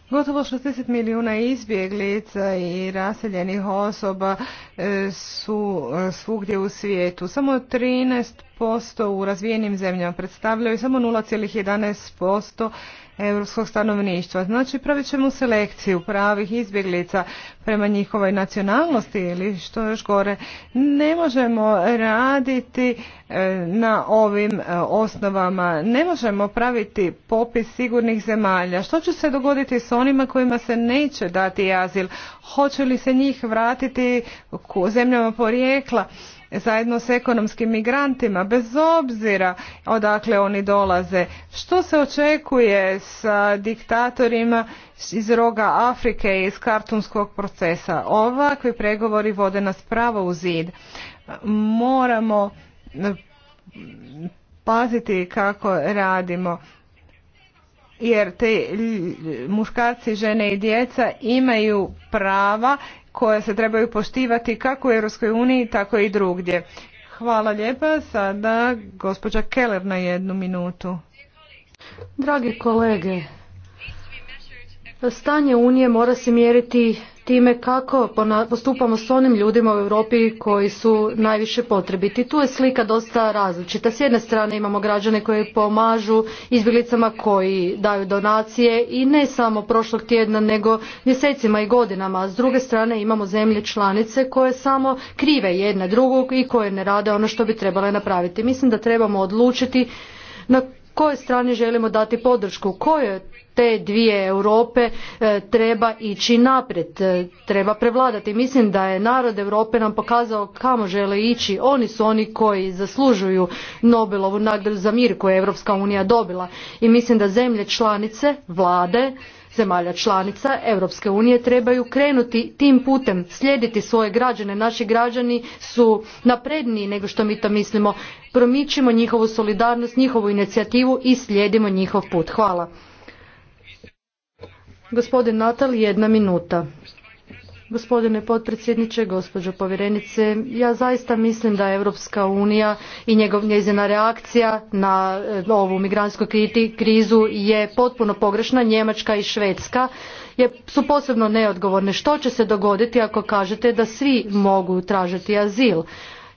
Gotovo 60 milijuna izbjeglica i raseljenih osoba e, su e, svugdje u svijetu. Samo 13% u razvijenim zemljama predstavljaju samo 0,11% europskog stanovništva. Znači pravit ćemo selekciju pravih izbjeglica prema njihovoj nacionalnosti ili što još gore. Ne možemo raditi e, na ovim e, osnovama, ne možemo praviti popis sigurnih zemalja. Što će se dogoditi s onima kojima se neće dati azil? Hoće li se njih vratiti zemljama porijekla? zajedno s ekonomskim migrantima bez obzira odakle oni dolaze što se očekuje sa diktatorima iz roga Afrike i iz kartunskog procesa ovakvi pregovori vode nas pravo u zid moramo paziti kako radimo jer te muškarci, žene i djeca imaju prava koja se trebaju poštivati kako u Europskoj uniji, tako i drugdje. Hvala lijepa. Sada gospođa Keller na jednu minutu. Dragi kolege, stanje Unije mora se mjeriti time kako postupamo s onim ljudima u Europi koji su najviše potrebiti. Tu je slika dosta različita. S jedne strane imamo građane koji pomažu izbjeglicama koji daju donacije i ne samo prošlog tjedna nego mjesecima i godinama. S druge strane imamo zemlje članice koje samo krive jedna drugog i koje ne rade ono što bi trebale napraviti. Mislim da trebamo odlučiti na kojoj strani želimo dati podršku, kojoj te dvije Europe e, treba ići naprijed, e, treba prevladati. Mislim da je narod Europe nam pokazao kamo žele ići. Oni su oni koji zaslužuju Nobelovu nagradu za mir koju je Europska unija dobila. I mislim da zemlje članice, vlade, zemalja članica Europske unije trebaju krenuti tim putem, slijediti svoje građane. Naši građani su napredniji nego što mi to mislimo. Promičimo njihovu solidarnost, njihovu inicijativu i slijedimo njihov put. Hvala. Gospodin Natal, jedna minuta. Gospodine potpredsjedniče, gospođo povjerenice, ja zaista mislim da Europska unija i njegov, njezina reakcija na e, ovu migrantsku krizu je potpuno pogrešna. Njemačka i Švedska je, su posebno neodgovorne. Što će se dogoditi ako kažete da svi mogu tražiti azil?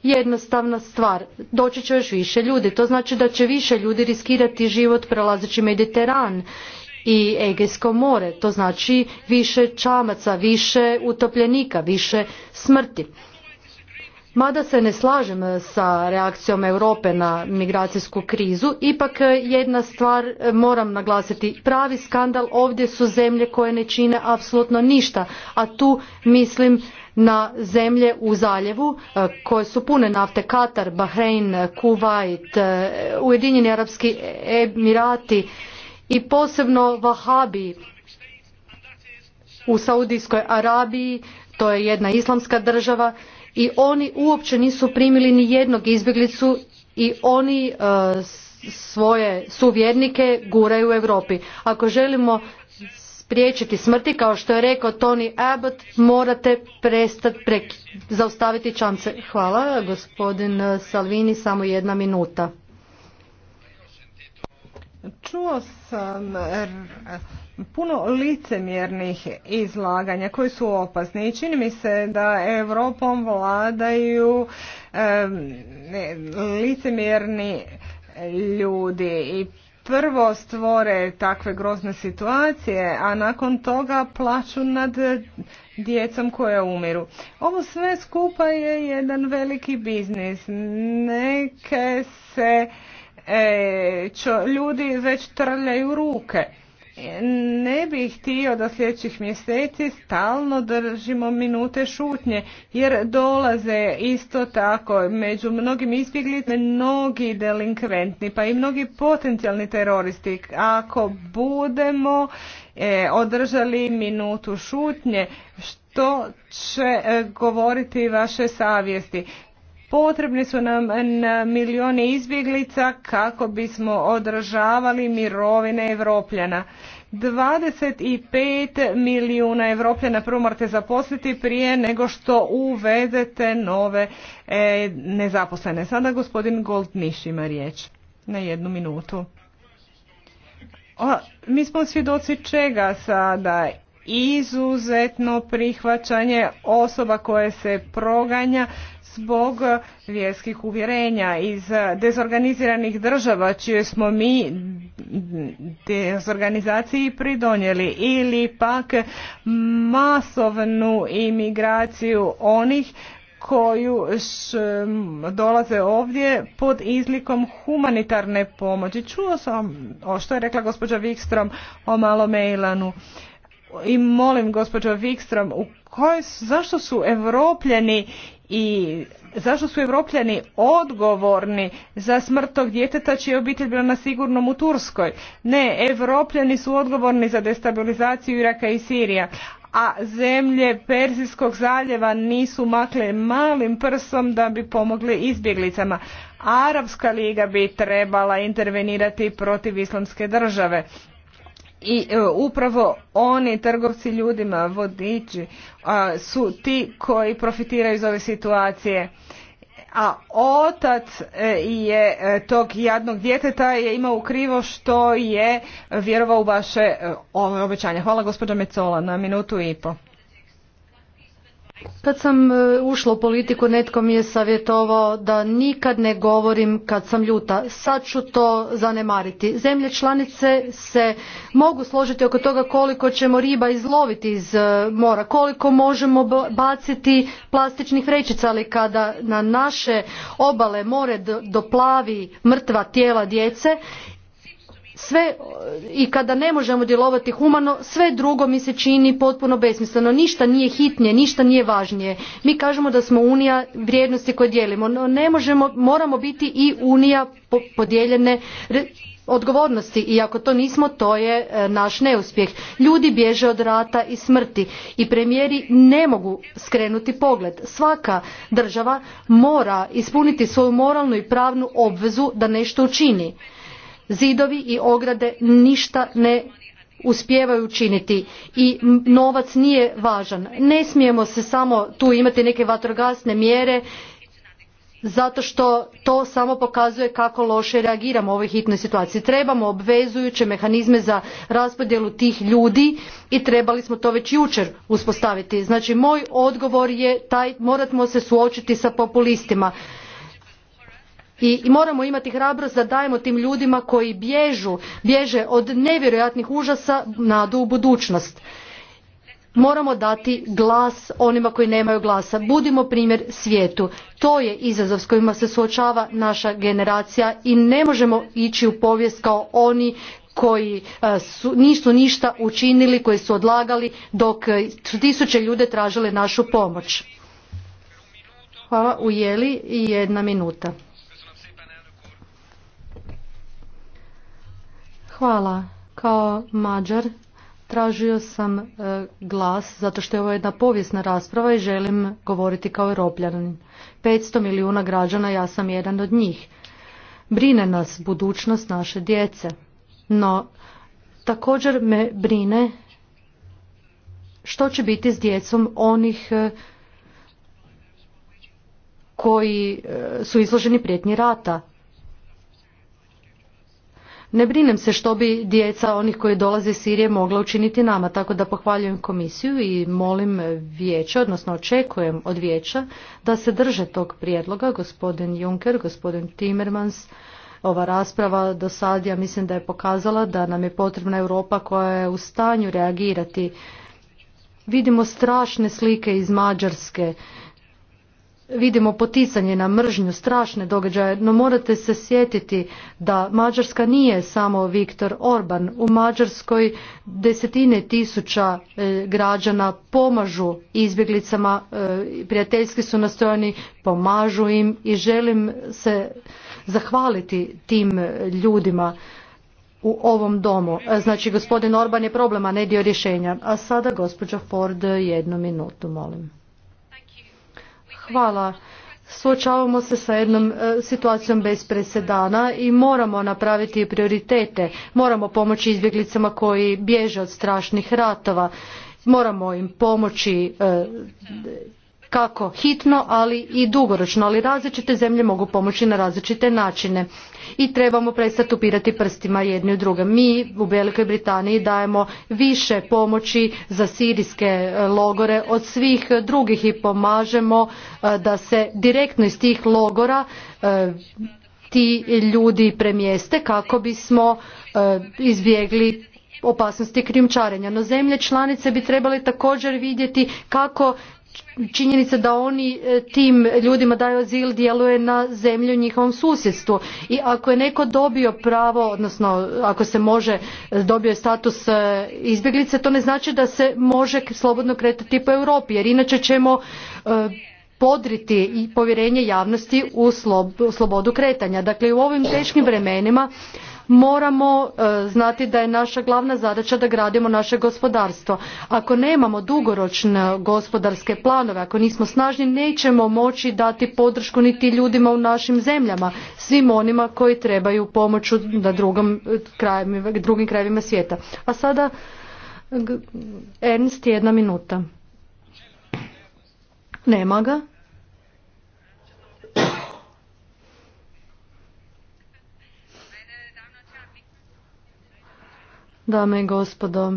jednostavna stvar doći će još više ljudi to znači da će više ljudi riskirati život prelazeći mediteran i Egejsko more. To znači više čamaca, više utopljenika, više smrti. Mada se ne slažem sa reakcijom Europe na migracijsku krizu, ipak jedna stvar moram naglasiti. Pravi skandal ovdje su zemlje koje ne čine apsolutno ništa, a tu mislim na zemlje u zaljevu e, koje su pune nafte Katar, Bahrein, Kuwait, e, Ujedinjeni Arabski Emirati, i posebno Vahabi u Saudijskoj Arabiji, to je jedna islamska država i oni uopće nisu primili ni jednog izbjeglicu i oni e, svoje suvjernike guraju u Europi. Ako želimo spriječiti smrti, kao što je rekao Tony Abbott, morate prestati zaustaviti čance. Hvala, gospodin Salvini, samo jedna minuta. Čuo sam puno licemjernih izlaganja koji su opasni i čini mi se da Europom vladaju licemjerni ljudi i prvo stvore takve grozne situacije, a nakon toga plaću nad djecom koje umiru. Ovo sve skupa je jedan veliki biznis. Neke se e, ljudi već trljaju ruke. Ne bih htio da sljedećih mjeseci stalno držimo minute šutnje, jer dolaze isto tako među mnogim izbjeglicama mnogi delinkventni, pa i mnogi potencijalni teroristi. Ako budemo e, održali minutu šutnje, što će e, govoriti vaše savjesti? Potrebni su nam milijuni izbjeglica kako bismo održavali mirovine Evropljana. 25 milijuna Evropljana prvo morate zaposliti prije nego što uvedete nove e, nezaposlene. Sada gospodin Goldniš ima riječ na jednu minutu. O, mi smo svjedoci čega sada? Izuzetno prihvaćanje osoba koje se proganja zbog eh, vjerskih uvjerenja iz eh, dezorganiziranih država čije smo mi dezorganizaciji pridonijeli ili pak masovnu imigraciju onih koju dolaze ovdje pod izlikom humanitarne pomoći. Čuo sam o što je rekla gospođa Wikstrom o malom I molim gospođo Vikstrom u kojoj zašto su evropljeni i zašto su Europljani odgovorni za smrt tog djeteta čija je obitelj bila na sigurnom u Turskoj? Ne, Europljani su odgovorni za destabilizaciju Iraka i Sirija, a zemlje Perzijskog zaljeva nisu makle malim prsom da bi pomogli izbjeglicama. Arapska liga bi trebala intervenirati protiv islamske države i e, upravo oni trgovci ljudima, vodiči su ti koji profitiraju iz ove situacije. A otac e, je e, tog jadnog djeteta je imao krivo što je vjerovao u vaše obećanje. Hvala gospođa Mecola na minutu i po. Kad sam e, ušla u politiku, netko mi je savjetovao da nikad ne govorim kad sam ljuta. Sad ću to zanemariti. Zemlje članice se mogu složiti oko toga koliko ćemo riba izloviti iz e, mora, koliko možemo baciti plastičnih vrećica, ali kada na naše obale more doplavi mrtva tijela djece sve i kada ne možemo djelovati humano sve drugo mi se čini potpuno besmisleno ništa nije hitnije ništa nije važnije mi kažemo da smo unija vrijednosti koje dijelimo no ne možemo moramo biti i unija podijeljene odgovornosti i ako to nismo to je e, naš neuspjeh ljudi bježe od rata i smrti i premijeri ne mogu skrenuti pogled svaka država mora ispuniti svoju moralnu i pravnu obvezu da nešto učini zidovi i ograde ništa ne uspijevaju učiniti i novac nije važan. Ne smijemo se samo tu imati neke vatrogasne mjere zato što to samo pokazuje kako loše reagiramo u ovoj hitnoj situaciji. Trebamo obvezujuće mehanizme za raspodjelu tih ljudi i trebali smo to već jučer uspostaviti. Znači moj odgovor je taj moratmo se suočiti sa populistima i, moramo imati hrabrost da dajemo tim ljudima koji bježu, bježe od nevjerojatnih užasa nadu u budućnost. Moramo dati glas onima koji nemaju glasa. Budimo primjer svijetu. To je izazov s kojima se suočava naša generacija i ne možemo ići u povijest kao oni koji e, su, nisu ništa učinili, koji su odlagali dok su tisuće ljude tražile našu pomoć. Hvala. Ujeli i jedna minuta. Hvala. Kao mađar tražio sam e, glas zato što je ovo jedna povijesna rasprava i želim govoriti kao europljanin. 500 milijuna građana, ja sam jedan od njih. Brine nas budućnost naše djece, no također me brine što će biti s djecom onih e, koji e, su izloženi prijetnji rata. Ne brinem se što bi djeca onih koji dolaze iz Sirije mogla učiniti nama, tako da pohvaljujem komisiju i molim vijeće, odnosno očekujem od vijeća da se drže tog prijedloga, gospodin Juncker, gospodin Timmermans, ova rasprava do sad ja mislim da je pokazala da nam je potrebna Europa koja je u stanju reagirati. Vidimo strašne slike iz Mađarske, vidimo poticanje na mržnju, strašne događaje, no morate se sjetiti da Mađarska nije samo Viktor Orban. U Mađarskoj desetine tisuća e, građana pomažu izbjeglicama, e, prijateljski su nastojani, pomažu im i želim se zahvaliti tim e, ljudima u ovom domu. Znači, gospodin Orban je problema, ne dio rješenja. A sada, gospođa Ford, jednu minutu, molim. Hvala. Suočavamo se sa jednom e, situacijom bez presedana i moramo napraviti prioritete. Moramo pomoći izbjeglicama koji bježe od strašnih ratova. Moramo im pomoći e, kako hitno, ali i dugoročno, ali različite zemlje mogu pomoći na različite načine i trebamo prestati upirati prstima jedni u druge. Mi u Velikoj Britaniji dajemo više pomoći za sirijske e, logore od svih drugih i pomažemo e, da se direktno iz tih logora e, ti ljudi premjeste kako bismo izbjegli opasnosti krijumčarenja no zemlje članice bi trebale također vidjeti kako činjenica da oni e, tim ljudima daju azil djeluje na zemlju u njihovom susjedstvu i ako je neko dobio pravo odnosno ako se može dobio status e, izbjeglice to ne znači da se može slobodno kretati po europi jer inače ćemo e, podriti i povjerenje javnosti u slobodu kretanja. dakle u ovim teškim vremenima moramo e, znati da je naša glavna zadaća da gradimo naše gospodarstvo. Ako nemamo dugoročne gospodarske planove, ako nismo snažni, nećemo moći dati podršku niti ljudima u našim zemljama, svim onima koji trebaju pomoć na e, drugim krajevima svijeta. A sada Ernst, jedna minuta. Nema ga. Dame i gospodo,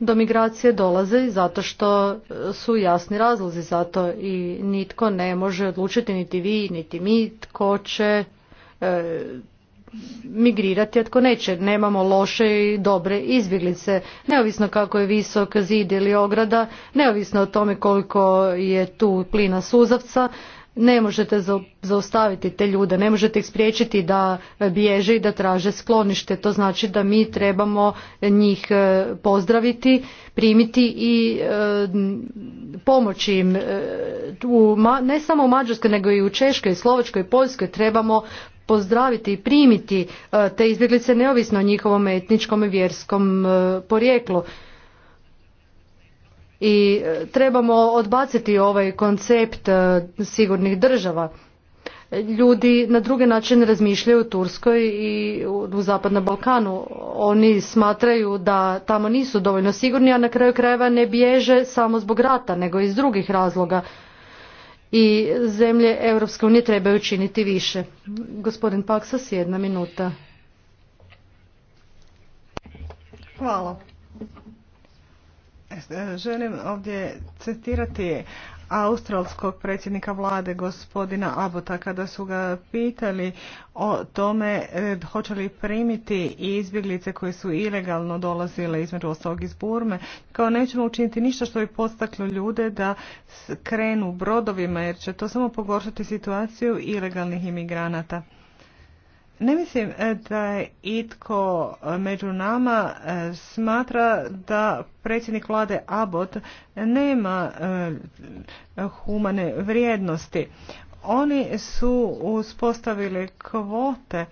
do migracije dolaze zato što su jasni razlozi zato i nitko ne može odlučiti niti vi niti mi tko će e, migrirati, a tko neće. Nemamo loše i dobre izbjeglice, neovisno kako je visok zid ili ograda, neovisno o tome koliko je tu plina suzavca, ne možete zaustaviti te ljude, ne možete ih spriječiti da e, bježe i da traže sklonište. To znači da mi trebamo njih e, pozdraviti, primiti i e, pomoći im. ne samo u Mađarskoj, nego i u Češkoj, Slovačkoj i Poljskoj trebamo pozdraviti i primiti te izbjeglice neovisno o njihovom etničkom i vjerskom porijeklu i e, trebamo odbaciti ovaj koncept e, sigurnih država. Ljudi na drugi način razmišljaju u Turskoj i u Zapadnom Balkanu. Oni smatraju da tamo nisu dovoljno sigurni, a na kraju krajeva ne bježe samo zbog rata, nego iz drugih razloga. I zemlje Europske unije trebaju činiti više. Gospodin Paksas, jedna minuta. Hvala. E, želim ovdje citirati australskog predsjednika vlade gospodina Abota kada su ga pitali o tome e, hoće li primiti izbjeglice koje su ilegalno dolazile između ostalog iz Burme kao nećemo učiniti ništa što bi postaklo ljude da krenu brodovima jer će to samo pogoršati situaciju ilegalnih imigranata. Ne mislim e, da je itko među nama e, smatra da predsjednik vlade Abbott nema e, humane vrijednosti. Oni su uspostavili kvote.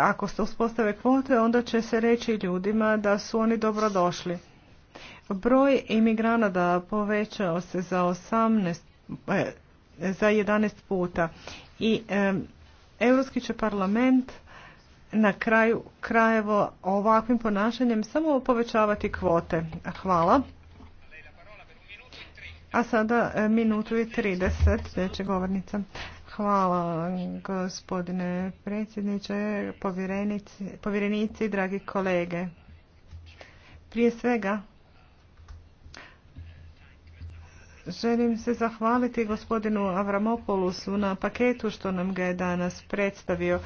ako se uspostave kvote, onda će se reći ljudima da su oni dobrodošli. Broj imigranata povećao se za 18, za 11 puta i Europski će parlament na kraju krajevo ovakvim ponašanjem samo povećavati kvote. Hvala. A sada e, minutu i 30, sljedeća govornica. Hvala gospodine predsjedniče, povjerenici, povjerenici, dragi kolege. Prije svega Želim se zahvaliti gospodinu Avramopoulosu na paketu što nam ga je danas predstavio.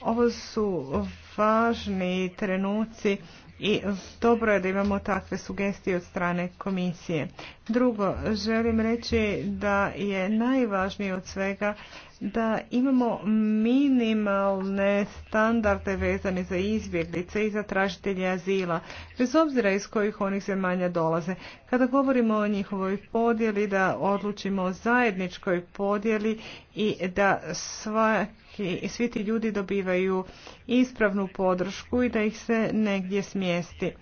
Ovo su važni trenuci i dobro je da imamo takve sugestije od strane komisije. Drugo, želim reći da je najvažnije od svega da imamo minimalne standarde vezane za izbjeglice i za tražitelje azila, bez obzira iz kojih onih zemalja dolaze. Kada govorimo o njihovoj podjeli, da odlučimo o zajedničkoj podjeli i da svaki i svi ti ljudi dobivaju ispravnu podršku i da ih se negdje smjesti.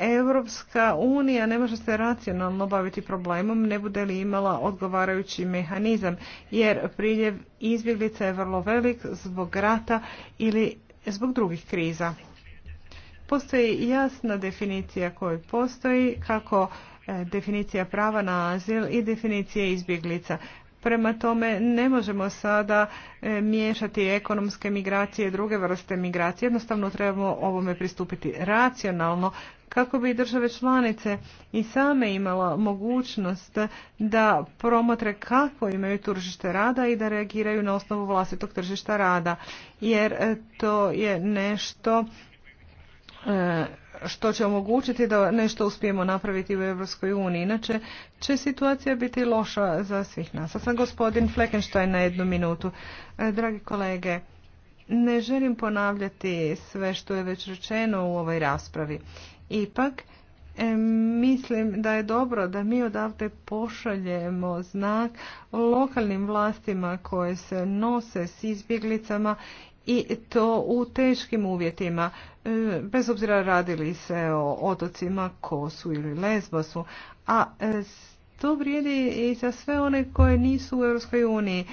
Europska unija ne može se racionalno baviti problemom ne bude li imala odgovarajući mehanizam jer priljev izbjeglica je vrlo velik zbog rata ili zbog drugih kriza. Postoji jasna definicija koja postoji kako e, definicija prava na azil i definicija izbjeglica. Prema tome ne možemo sada e, miješati ekonomske migracije i druge vrste migracije. Jednostavno trebamo ovome pristupiti racionalno kako bi države članice i same imala mogućnost da promotre kako imaju tržište rada i da reagiraju na osnovu vlastitog tržišta rada. Jer e, to je nešto e, što će omogućiti da nešto uspijemo napraviti u Europskoj uniji. Inače će situacija biti loša za svih nas. Sad sam gospodin Fleckenstein na jednu minutu. E, dragi kolege, ne želim ponavljati sve što je već rečeno u ovoj raspravi. Ipak, e, mislim da je dobro da mi odavde pošaljemo znak lokalnim vlastima koje se nose s izbjeglicama i to u teškim uvjetima, e, bez obzira radili se o otocima Kosu ili Lesbosu, a e, to vrijedi i za sve one koje nisu u Europskoj uniji.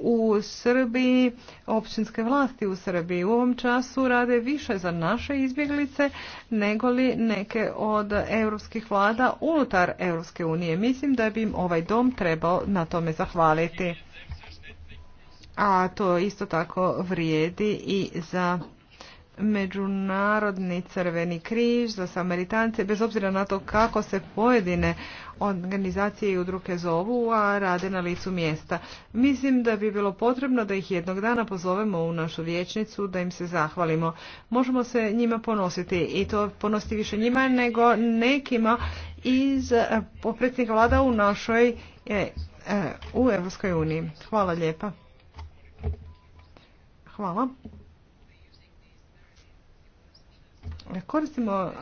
U Srbiji, općinske vlasti u Srbiji u ovom času rade više za naše izbjeglice nego li neke od europskih vlada unutar Europske unije. Mislim da bi im ovaj dom trebao na tome zahvaliti a to isto tako vrijedi i za Međunarodni crveni križ, za Samaritance, bez obzira na to kako se pojedine organizacije i udruke zovu, a rade na licu mjesta. Mislim da bi bilo potrebno da ih jednog dana pozovemo u našu vječnicu, da im se zahvalimo. Možemo se njima ponositi i to ponositi više njima nego nekima iz eh, popretnih vlada u našoj eh, eh, u Evropskoj uniji. Hvala lijepa. Hvala. Koristimo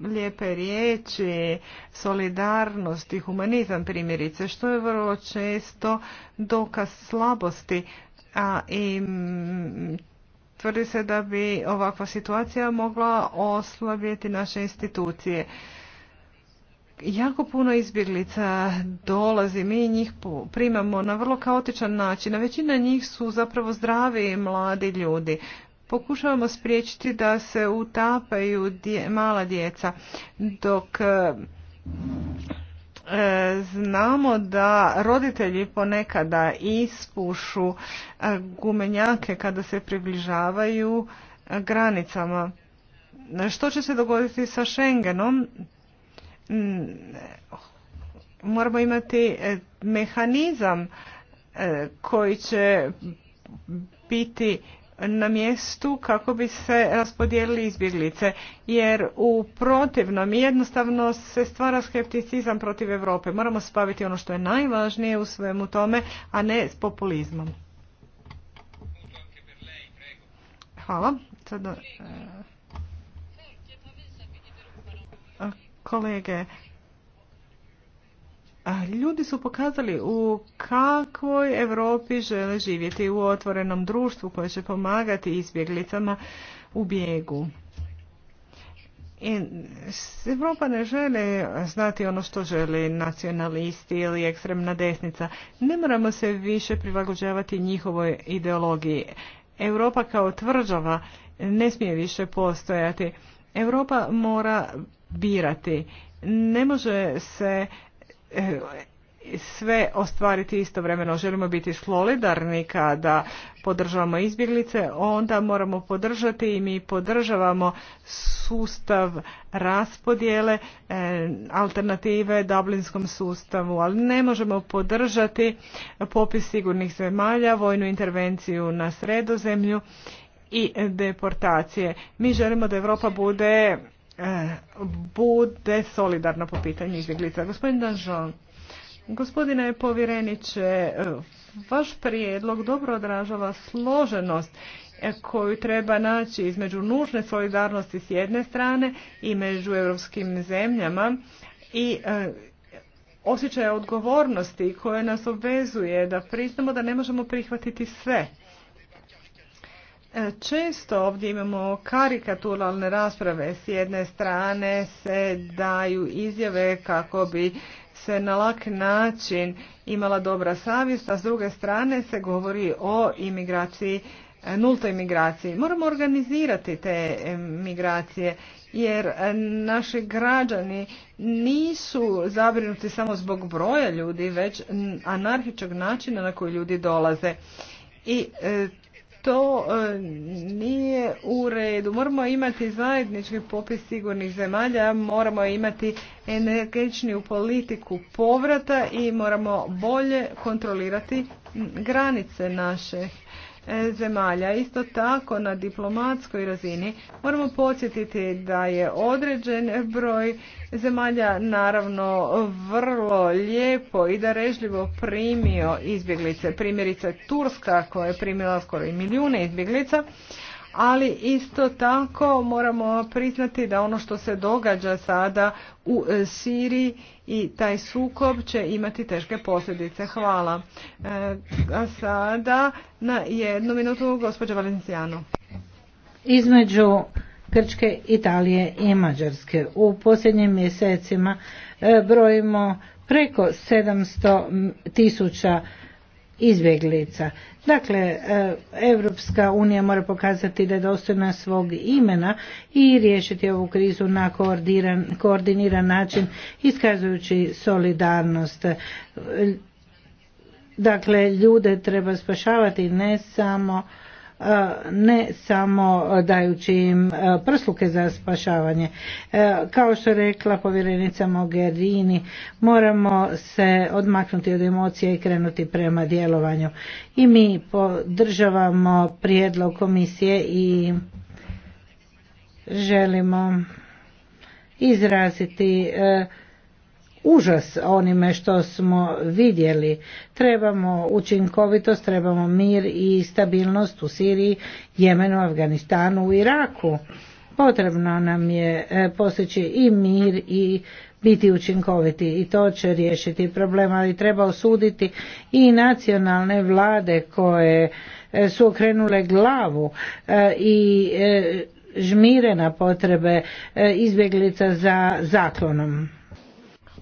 lijepe riječi, solidarnost i humanizam primjerice, što je vrlo često dokaz slabosti. i tvrdi se da bi ovakva situacija mogla oslabiti naše institucije. Jako puno izbjeglica dolazi, mi njih primamo na vrlo kaotičan način, a većina njih su zapravo zdravi i mladi ljudi. Pokušavamo spriječiti da se utapaju mala djeca, dok e, e, znamo da roditelji ponekada ispušu e, gumenjake kada se približavaju granicama. Što će se dogoditi sa Schengenom? Mm, moramo imati e, mehanizam e, koji će biti na mjestu kako bi se raspodijelili izbjeglice jer u protivnom jednostavno se stvara skepticizam protiv Europe. Moramo spaviti ono što je najvažnije u svemu tome, a ne s populizmom. Hvala. Sada, e, Kolege, ljudi su pokazali u kakvoj Europi žele živjeti u otvorenom društvu koje će pomagati izbjeglicama u bijegu. I Europa ne želi znati ono što želi nacionalisti ili ekstremna desnica. Ne moramo se više prilagođavati njihovoj ideologiji. Europa kao tvrđava ne smije više postojati. Europa mora birati. Ne može se eh, sve ostvariti istovremeno. Želimo biti solidarni kada podržavamo izbjeglice, onda moramo podržati i mi podržavamo sustav raspodjele, eh, alternative Dublinskom sustavu, ali ne možemo podržati popis sigurnih zemalja, vojnu intervenciju na sredozemlju i deportacije. Mi želimo da Europa bude E, bude solidarno po pitanju izbjeglica. Gospodin Danžon, Gospodine povjereniče, e, vaš prijedlog dobro odražava složenost e, koju treba naći između nužne solidarnosti s jedne strane i među europskim zemljama i osjećaja odgovornosti koje nas obvezuje da priznamo da ne možemo prihvatiti sve. Često ovdje imamo karikaturalne rasprave. S jedne strane se daju izjave kako bi se na lak način imala dobra savjest, a s druge strane se govori o imigraciji, nultoj imigraciji. Moramo organizirati te migracije jer naši građani nisu zabrinuti samo zbog broja ljudi, već anarhičnog načina na koji ljudi dolaze. I e, to e, nije u redu. Moramo imati zajednički popis sigurnih zemalja, moramo imati energičniju politiku povrata i moramo bolje kontrolirati granice naše E, zemalja. Isto tako na diplomatskoj razini moramo podsjetiti da je određen broj zemalja naravno vrlo lijepo i darežljivo primio izbjeglice. Primjerice Turska koja je primila skoro i milijune izbjeglica, ali isto tako moramo priznati da ono što se događa sada u e, Siriji i taj sukob će imati teške posljedice. Hvala. E, a sada na jednu minutu gospođa Valencijano. Između Krčke, Italije i Mađarske u posljednjim mjesecima e, brojimo preko 700 tisuća izbjeglica. Dakle, Europska unija mora pokazati da je dostojna svog imena i riješiti ovu krizu na koordiniran, koordiniran način iskazujući solidarnost. E, dakle, ljude treba spašavati ne samo E, ne samo dajući im e, prsluke za spašavanje. E, kao što je rekla povjerenica Mogherini, moramo se odmaknuti od emocija i krenuti prema djelovanju. I mi podržavamo prijedlog komisije i želimo izraziti užas onime što smo vidjeli. Trebamo učinkovitost, trebamo mir i stabilnost u Siriji, Jemenu, Afganistanu, u Iraku. Potrebno nam je e, postići i mir i biti učinkoviti i to će riješiti problem, ali treba osuditi i nacionalne vlade koje e, su okrenule glavu e, i žmire na potrebe izbjeglica za zaklonom.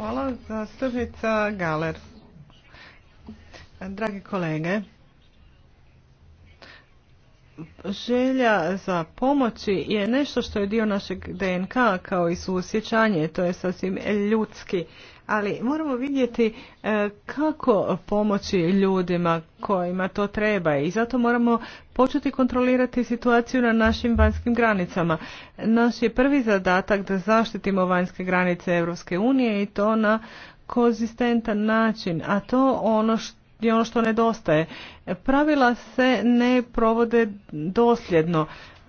Hvala. Zastupnica Galer. Dragi kolege, želja za pomoći je nešto što je dio našeg DNK kao i susjećanje, to je sasvim ljudski. Ali moramo vidjeti e, kako pomoći ljudima kojima to treba i zato moramo početi kontrolirati situaciju na našim vanjskim granicama. Naš je prvi zadatak da zaštitimo vanjske granice Europske unije i to na konzistentan način, a to ono što je ono što nedostaje. Pravila se ne provode dosljedno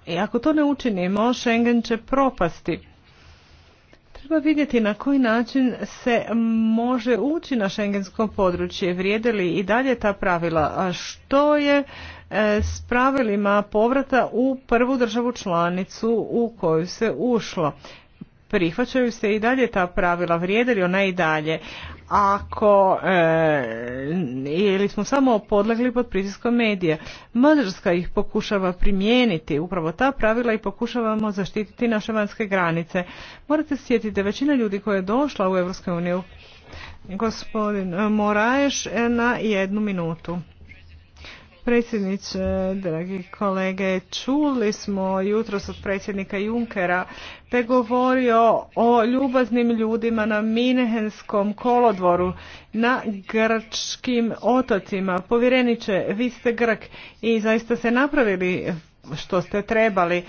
i ako to ne učinimo, Schengen će propasti. Treba vidjeti na koji način se može ući na šengensko područje, vrijede li i dalje ta pravila, a što je e, s pravilima povrata u prvu državu članicu u koju se ušlo. Prihvaćaju se i dalje ta pravila, vrijede li ona i dalje, ako e, ili smo samo podlegli pod pritiskom medija. Mađarska ih pokušava primijeniti, upravo ta pravila i pokušavamo zaštititi naše vanjske granice. Morate sjetiti da većina ljudi koja je došla u EU, gospodin Moraješ, e, na jednu minutu predsjedniče, dragi kolege, čuli smo jutros od predsjednika Junkera te govorio o ljubaznim ljudima na Minehenskom kolodvoru na grčkim otocima. Povjereniče, vi ste Grk i zaista se napravili što ste trebali.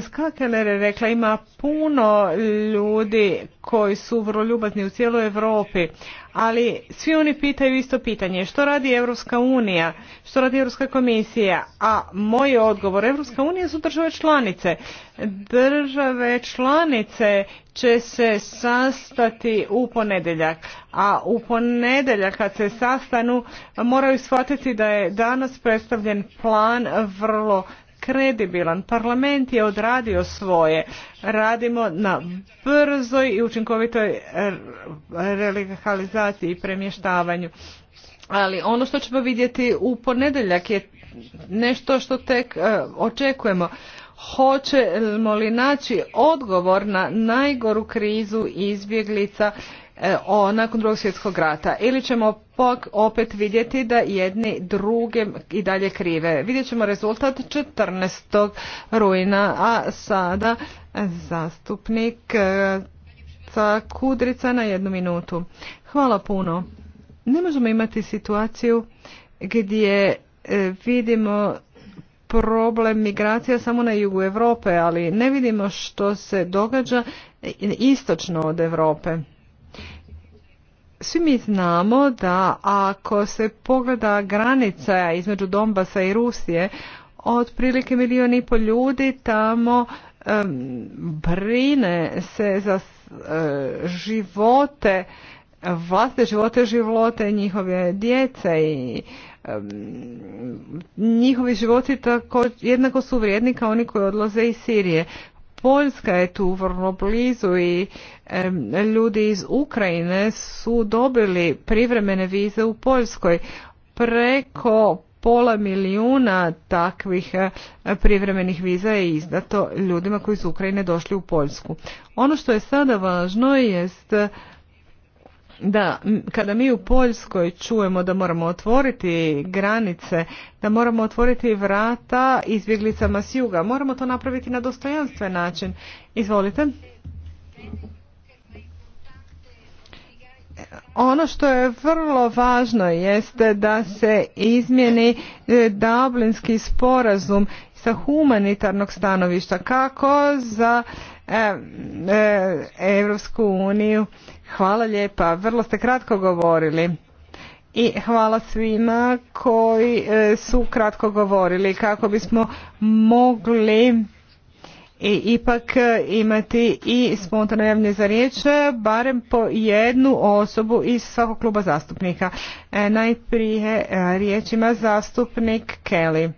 Skakeler je rekla ima puno ljudi koji su vrlo ljubazni u cijeloj Europi, ali svi oni pitaju isto pitanje što radi Europska unija, što radi Europska komisija, a moj odgovor Europska unija su države članice. Države članice će se sastati u ponedjeljak, a u ponedjeljak kad se sastanu moraju shvatiti da je danas predstavljen plan vrlo kredibilan. Parlament je odradio svoje. Radimo na brzoj i učinkovitoj relikalizaciji i premještavanju. Ali ono što ćemo vidjeti u ponedjeljak je nešto što tek e, očekujemo. Hoćemo li naći odgovor na najgoru krizu izbjeglica e, nakon drugog svjetskog rata ili ćemo pak opet vidjeti da jedni druge i dalje krive. Vidjet ćemo rezultat 14. rujna, a sada zastupnik sa e, kudrica na jednu minutu. Hvala puno. Ne možemo imati situaciju gdje e, vidimo problem migracija samo na jugu Europe, ali ne vidimo što se događa istočno od Europe. Svi mi znamo da ako se pogleda granica između Donbasa i Rusije, otprilike milijun i pol ljudi tamo brine se za e, živote, vlastne živote, živote njihove djece i njihovi životi tako jednako su vrijedni kao oni koji odlaze iz Sirije. Poljska je tu vrlo blizu i ljudi iz Ukrajine su dobili privremene vize u Poljskoj. Preko pola milijuna takvih eh, privremenih viza je izdato ljudima koji su Ukrajine došli u Poljsku. Ono što je sada važno jest da kada mi u Poljskoj čujemo da moramo otvoriti granice, da moramo otvoriti vrata izbjeglicama s juga, moramo to napraviti na dostojanstven način. Izvolite. Ono što je vrlo važno jeste da se izmjeni e, Dublinski sporazum sa humanitarnog stanovišta kako za Europsku e, uniju Hvala lijepa, vrlo ste kratko govorili. I hvala svima koji e, su kratko govorili kako bismo mogli i ipak imati i spontano javljanje za riječ, barem po jednu osobu iz svakog kluba zastupnika. E, najprije e, riječ ima zastupnik Kelly.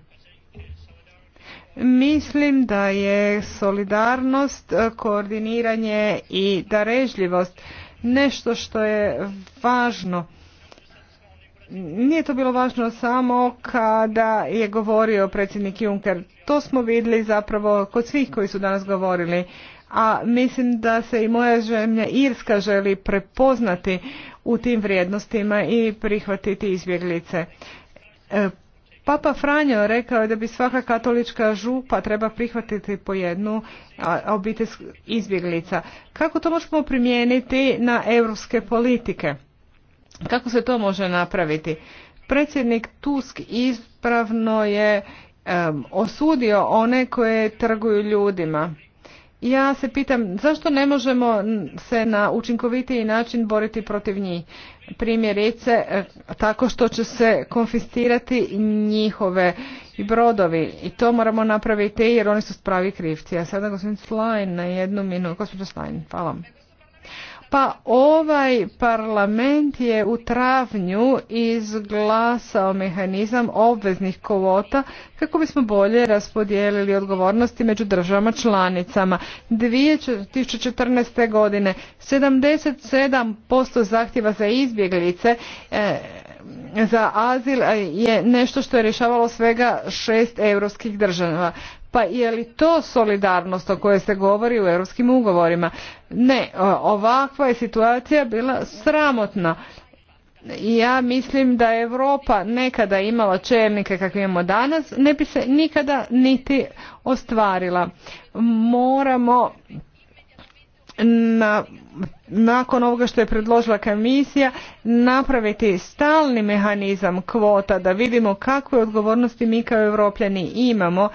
Mislim da je solidarnost, koordiniranje i darežljivost nešto što je važno. Nije to bilo važno samo kada je govorio predsjednik Juncker. To smo vidjeli zapravo kod svih koji su danas govorili. A mislim da se i moja zemlja Irska želi prepoznati u tim vrijednostima i prihvatiti izbjeglice. E, Papa Franjo rekao je da bi svaka katolička župa treba prihvatiti po jednu obiteljsku izbjeglica. Kako to možemo primijeniti na europske politike? Kako se to može napraviti? Predsjednik Tusk ispravno je osudio one koje trguju ljudima. Ja se pitam zašto ne možemo se na učinkovitiji način boriti protiv njih primjerice e, tako što će se konfiscirati njihove brodovi i to moramo napraviti jer oni su pravi krivci. A sada gospodin Slajn na jednu minutu. Gospodin Slajn, hvala vam. Pa ovaj parlament je u travnju izglasao mehanizam obveznih kvota kako bismo bolje raspodijelili odgovornosti među državama članicama. 2014. godine 77% zahtjeva za izbjeglice e, za azil je nešto što je rješavalo svega šest europskih država. Pa je li to solidarnost o kojoj se govori u europskim ugovorima? Ne, ovakva je situacija bila sramotna. Ja mislim da je Europa nekada imala čelnike kakve imamo danas, ne bi se nikada niti ostvarila. Moramo na, nakon ovoga što je predložila komisija napraviti stalni mehanizam kvota da vidimo kakve odgovornosti mi kao europljani imamo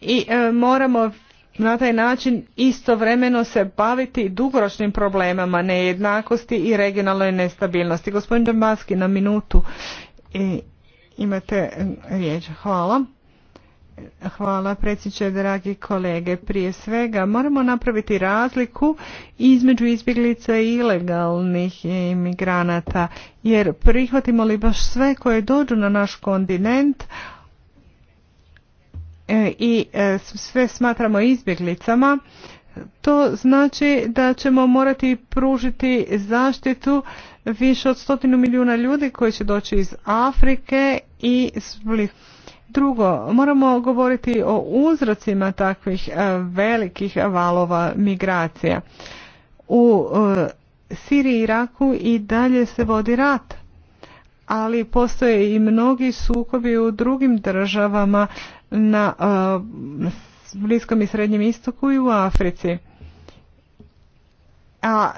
i e, moramo na taj način istovremeno se baviti dugoročnim problemama nejednakosti i regionalnoj nestabilnosti. Gospodin Dombaski, na minutu e, imate riječ. Hvala. Hvala predsjedniče, dragi kolege. Prije svega moramo napraviti razliku između izbjeglica i ilegalnih imigranata, jer prihvatimo li baš sve koje dođu na naš kontinent e, i e, sve smatramo izbjeglicama, to znači da ćemo morati pružiti zaštitu više od stotinu milijuna ljudi koji će doći iz Afrike i Drugo, moramo govoriti o uzrocima takvih e, velikih valova migracija. U e, Siriji i Iraku i dalje se vodi rat, ali postoje i mnogi sukobi u drugim državama na e, Bliskom i Srednjem istoku i u Africi. A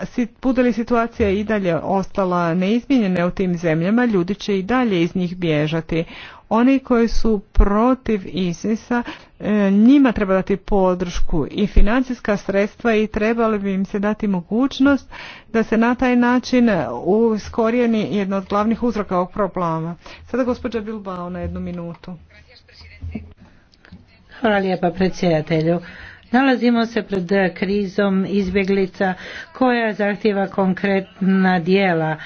bude li situacija i dalje ostala neizmijenjena u tim zemljama, ljudi će i dalje iz njih bježati. Oni koji su protiv ISIS-a, e, njima treba dati podršku i financijska sredstva i trebali bi im se dati mogućnost da se na taj način uskorijeni jedno od glavnih uzroka ovog problema. Sada gospođa Bilbao na jednu minutu. Hvala lijepa predsjedatelju. Nalazimo se pred krizom izbjeglica koja zahtjeva konkretna dijela.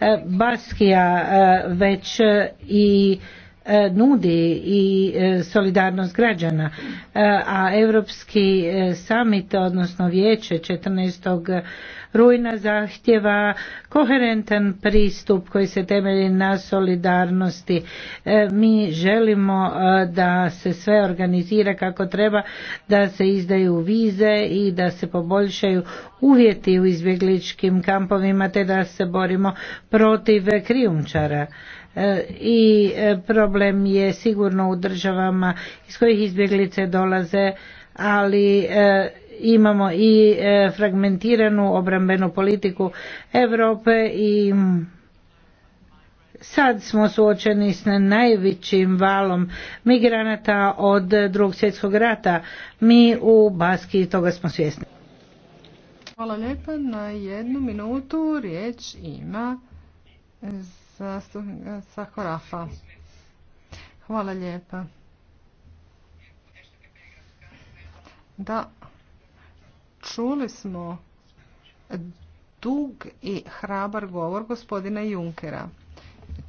E, Baskija e, već i E, nudi i e, solidarnost građana. E, a Europski summit, odnosno vijeće 14 rujna zahtjeva koherentan pristup koji se temelji na solidarnosti. E, mi želimo e, da se sve organizira kako treba, da se izdaju vize i da se poboljšaju uvjeti u izbjegličkim kampovima te da se borimo protiv krijumčara e, i problem je sigurno u državama iz kojih izbjeglice dolaze ali imamo i e, fragmentiranu obrambenu politiku Europe i sad smo suočeni s najvećim valom migranata od drugog svjetskog rata. Mi u Baski toga smo svjesni. Hvala lijepa. Na jednu minutu riječ ima Sakorafa. Hvala lijepa. Da, Čuli smo dug i hrabar govor gospodina Junkera.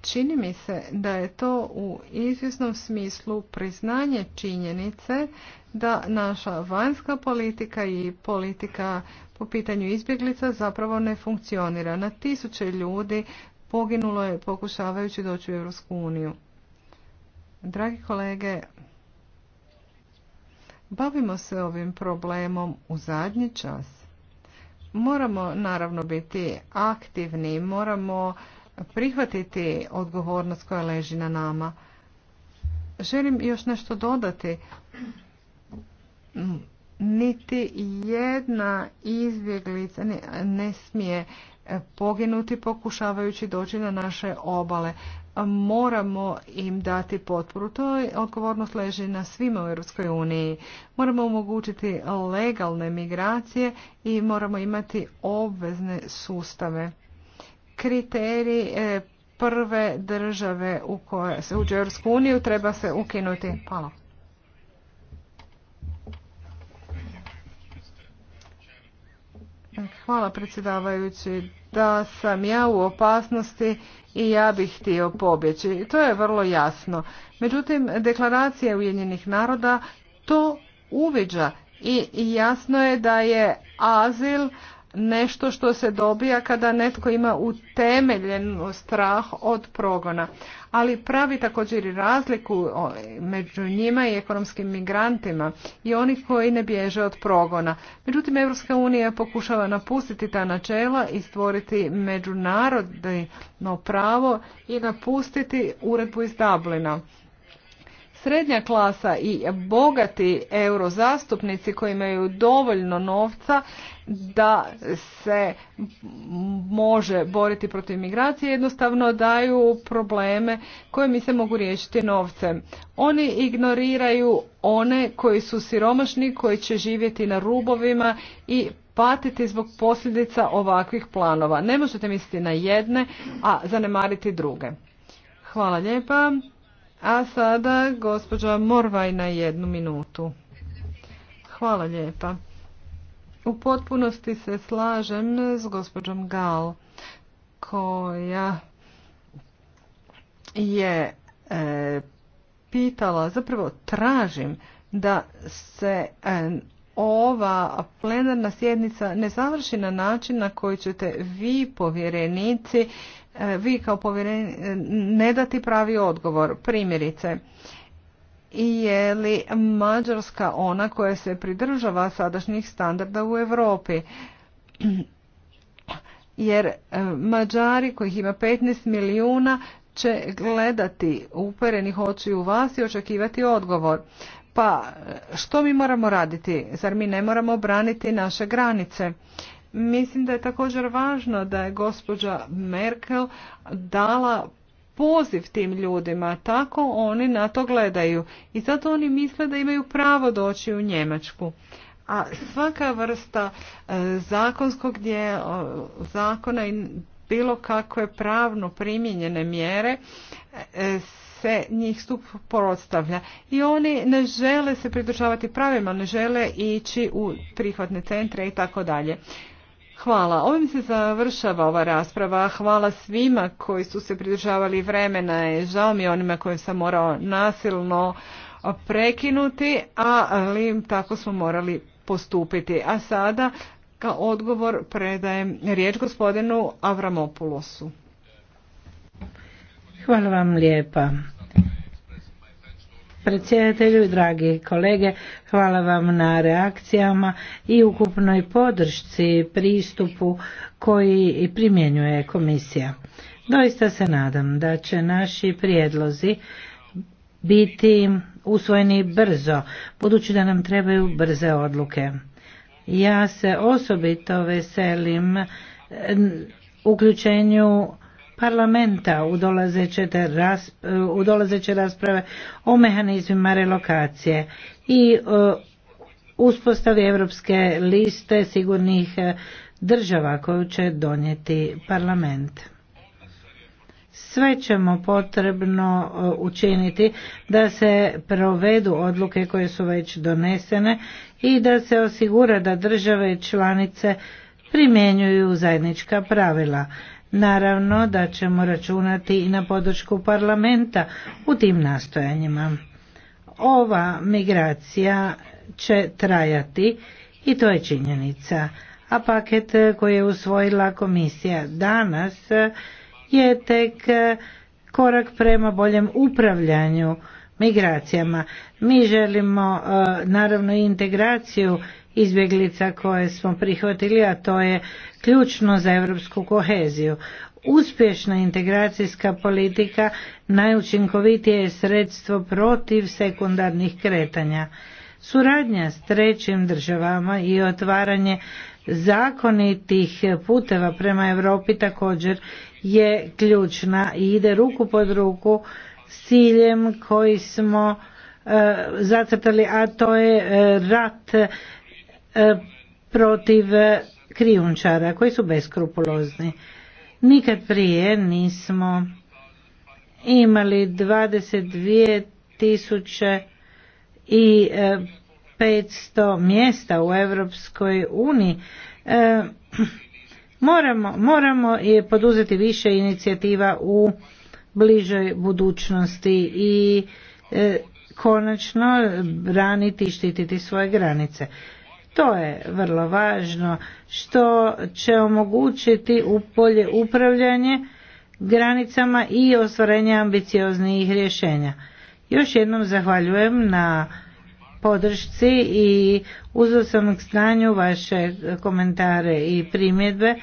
Čini mi se da je to u izvjesnom smislu priznanje činjenice da naša vanjska politika i politika po pitanju izbjeglica zapravo ne funkcionira. Na tisuće ljudi poginulo je pokušavajući doći u Europsku uniju. Dragi kolege, Bavimo se ovim problemom u zadnji čas. Moramo naravno biti aktivni, moramo prihvatiti odgovornost koja leži na nama. Želim još nešto dodati. Niti jedna izbjeglica ne smije poginuti pokušavajući doći na naše obale moramo im dati potporu. To je odgovornost leži na svima u Europskoj uniji. Moramo omogućiti legalne migracije i moramo imati obvezne sustave. Kriteriji e, prve države u koje se uđe u Europsku uniju treba se ukinuti. Hvala. Hvala predsjedavajući da sam ja u opasnosti i ja bih htio pobjeći. To je vrlo jasno. Međutim, deklaracija Ujedinjenih naroda to uviđa i jasno je da je azil nešto što se dobija kada netko ima utemeljen strah od progona. Ali pravi također i razliku među njima i ekonomskim migrantima i oni koji ne bježe od progona. Međutim, Evropska unija pokušava napustiti ta načela i stvoriti međunarodno pravo i napustiti uredbu iz Dublina srednja klasa i bogati eurozastupnici koji imaju dovoljno novca da se može boriti protiv migracije jednostavno daju probleme koje mi se mogu riješiti novcem. Oni ignoriraju one koji su siromašni, koji će živjeti na rubovima i patiti zbog posljedica ovakvih planova. Ne možete misliti na jedne, a zanemariti druge. Hvala lijepa. A sada gospođa Morvaj na jednu minutu. Hvala lijepa. U potpunosti se slažem s gospođom Gal koja je e, pitala, zapravo tražim da se e, ova plenarna sjednica ne završi na način na koji ćete vi povjerenici E, vi kao povjereni ne dati pravi odgovor. Primjerice, je li Mađarska ona koja se pridržava sadašnjih standarda u Europi? Jer e, Mađari kojih ima 15 milijuna će gledati uperenih oči u vas i očekivati odgovor. Pa što mi moramo raditi? Zar mi ne moramo braniti naše granice? Mislim da je također važno da je gospođa Merkel dala poziv tim ljudima, tako oni na to gledaju i zato oni misle da imaju pravo doći u Njemačku. A svaka vrsta e, zakonskog gdje e, zakona i bilo kakve pravno primijenjene mjere e, se njih porostavlja i oni ne žele se pridržavati pravima, ne žele ići u prihvatne centre i tako dalje. Hvala. Ovim se završava ova rasprava. Hvala svima koji su se pridržavali vremena i žao mi onima koje sam morao nasilno prekinuti, ali tako smo morali postupiti. A sada kao odgovor predajem riječ gospodinu Avramopulosu. Hvala vam lijepa predsjedatelju i dragi kolege, hvala vam na reakcijama i ukupnoj podršci pristupu koji primjenjuje komisija. Doista se nadam da će naši prijedlozi biti usvojeni brzo, budući da nam trebaju brze odluke. Ja se osobito veselim uključenju parlamenta u dolazeće, rasprave o mehanizmima relokacije i e, uspostavi europske liste sigurnih e, država koju će donijeti parlament. Sve ćemo potrebno e, učiniti da se provedu odluke koje su već donesene i da se osigura da države članice primjenjuju zajednička pravila. Naravno da ćemo računati i na podršku parlamenta u tim nastojanjima. Ova migracija će trajati i to je činjenica. A paket koji je usvojila komisija danas je tek korak prema boljem upravljanju migracijama. Mi želimo eh, naravno integraciju izbjeglica koje smo prihvatili, a to je ključno za europsku koheziju. Uspješna integracijska politika najučinkovitije je sredstvo protiv sekundarnih kretanja. Suradnja s trećim državama i otvaranje zakonitih puteva prema Europi također je ključna i ide ruku pod ruku s ciljem koji smo e, zacrtali, a to je e, rat E, protiv e, krijunčara koji su beskrupulozni. Nikad prije nismo imali 22.500 i 500 e, mjesta u Europskoj uniji. Moramo, moramo je poduzeti više inicijativa u bližoj budućnosti i konačno braniti i štititi svoje granice. To je vrlo važno što će omogućiti polje upravljanje granicama i ostvarenje ambicioznijih rješenja. Još jednom zahvaljujem na podršci i uzosom stanju k stanju vaše komentare i primjedbe.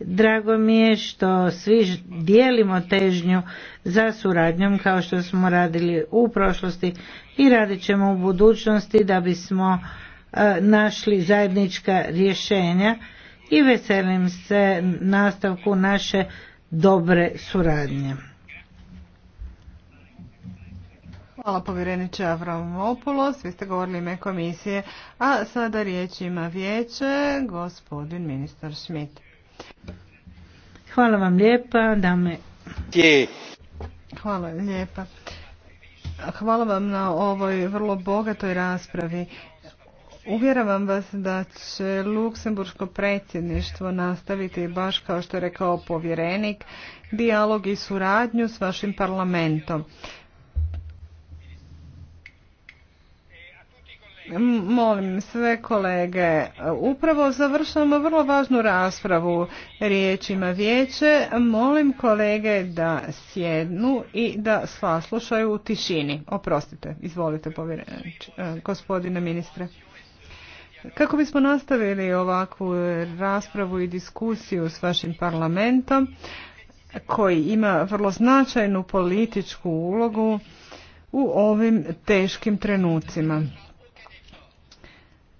Drago mi je što svi dijelimo težnju za suradnjom kao što smo radili u prošlosti i radit ćemo u budućnosti da bismo E, našli zajednička rješenja i veselim se nastavku naše dobre suradnje. Hvala povjereniče Avramopoulos, vi ste govorili ime komisije, a sada riječ ima vijeće, gospodin ministar Schmidt. Hvala vam lijepa, dame. Hvala lijepa. Hvala vam na ovoj vrlo bogatoj raspravi. Uvjeravam vas da će Luksemburško predsjedništvo nastaviti, baš kao što je rekao povjerenik, dijalog i suradnju s vašim parlamentom. Molim sve kolege, upravo završamo vrlo važnu raspravu riječima vijeće. Molim kolege da sjednu i da saslušaju u tišini. Oprostite, izvolite povjerenič, e, gospodine ministre. Kako bismo nastavili ovakvu raspravu i diskusiju s vašim parlamentom, koji ima vrlo značajnu političku ulogu u ovim teškim trenucima.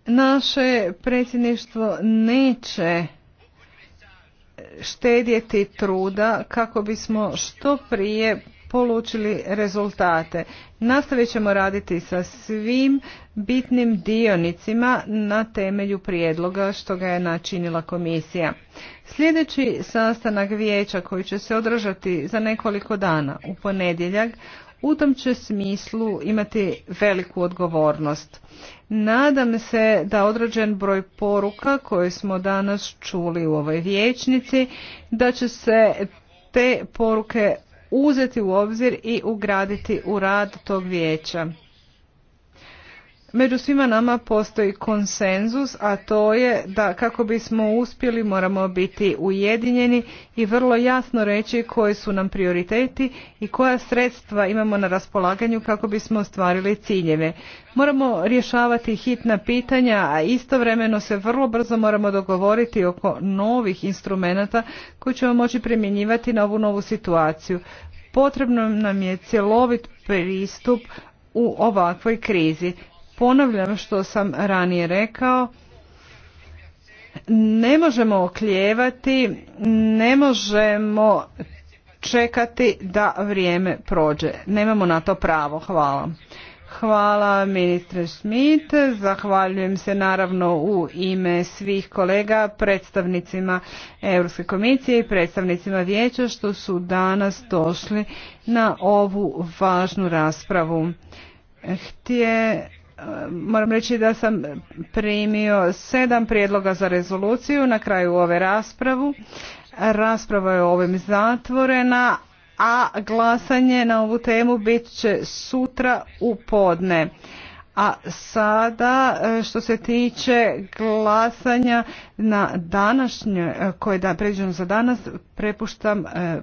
Naše predsjedništvo neće štedjeti truda kako bismo što prije polučili rezultate. Nastavit ćemo raditi sa svim bitnim dionicima na temelju prijedloga što ga je načinila komisija. Sljedeći sastanak vijeća koji će se održati za nekoliko dana u ponedjeljak u tom će smislu imati veliku odgovornost. Nadam se da određen broj poruka koje smo danas čuli u ovoj vijećnici, da će se te poruke uzeti u obzir i ugraditi u rad tog vijeća. Među svima nama postoji konsenzus, a to je da kako bismo uspjeli moramo biti ujedinjeni i vrlo jasno reći koji su nam prioriteti i koja sredstva imamo na raspolaganju kako bismo ostvarili ciljeve. Moramo rješavati hitna pitanja, a istovremeno se vrlo brzo moramo dogovoriti oko novih instrumenata koji ćemo moći primjenjivati na ovu novu situaciju. Potrebno nam je cjelovit pristup u ovakvoj krizi ponavljam što sam ranije rekao, ne možemo oklijevati, ne možemo čekati da vrijeme prođe. Nemamo na to pravo. Hvala. Hvala ministre Smith Zahvaljujem se naravno u ime svih kolega, predstavnicima Europske komisije i predstavnicima vijeća što su danas došli na ovu važnu raspravu. Htje moram reći da sam primio sedam prijedloga za rezoluciju na kraju ove raspravu. Rasprava je ovim zatvorena, a glasanje na ovu temu bit će sutra u podne. A sada e, što se tiče glasanja na današnje, e, koje je da, predviđeno za danas, prepuštam e,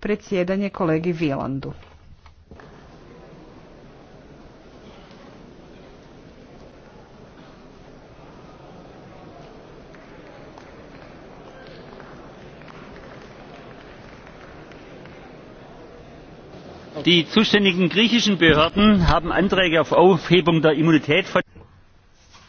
predsjedanje kolegi Vilandu. die zuständigen griechischen behörden haben anträge auf aufhebung der immunität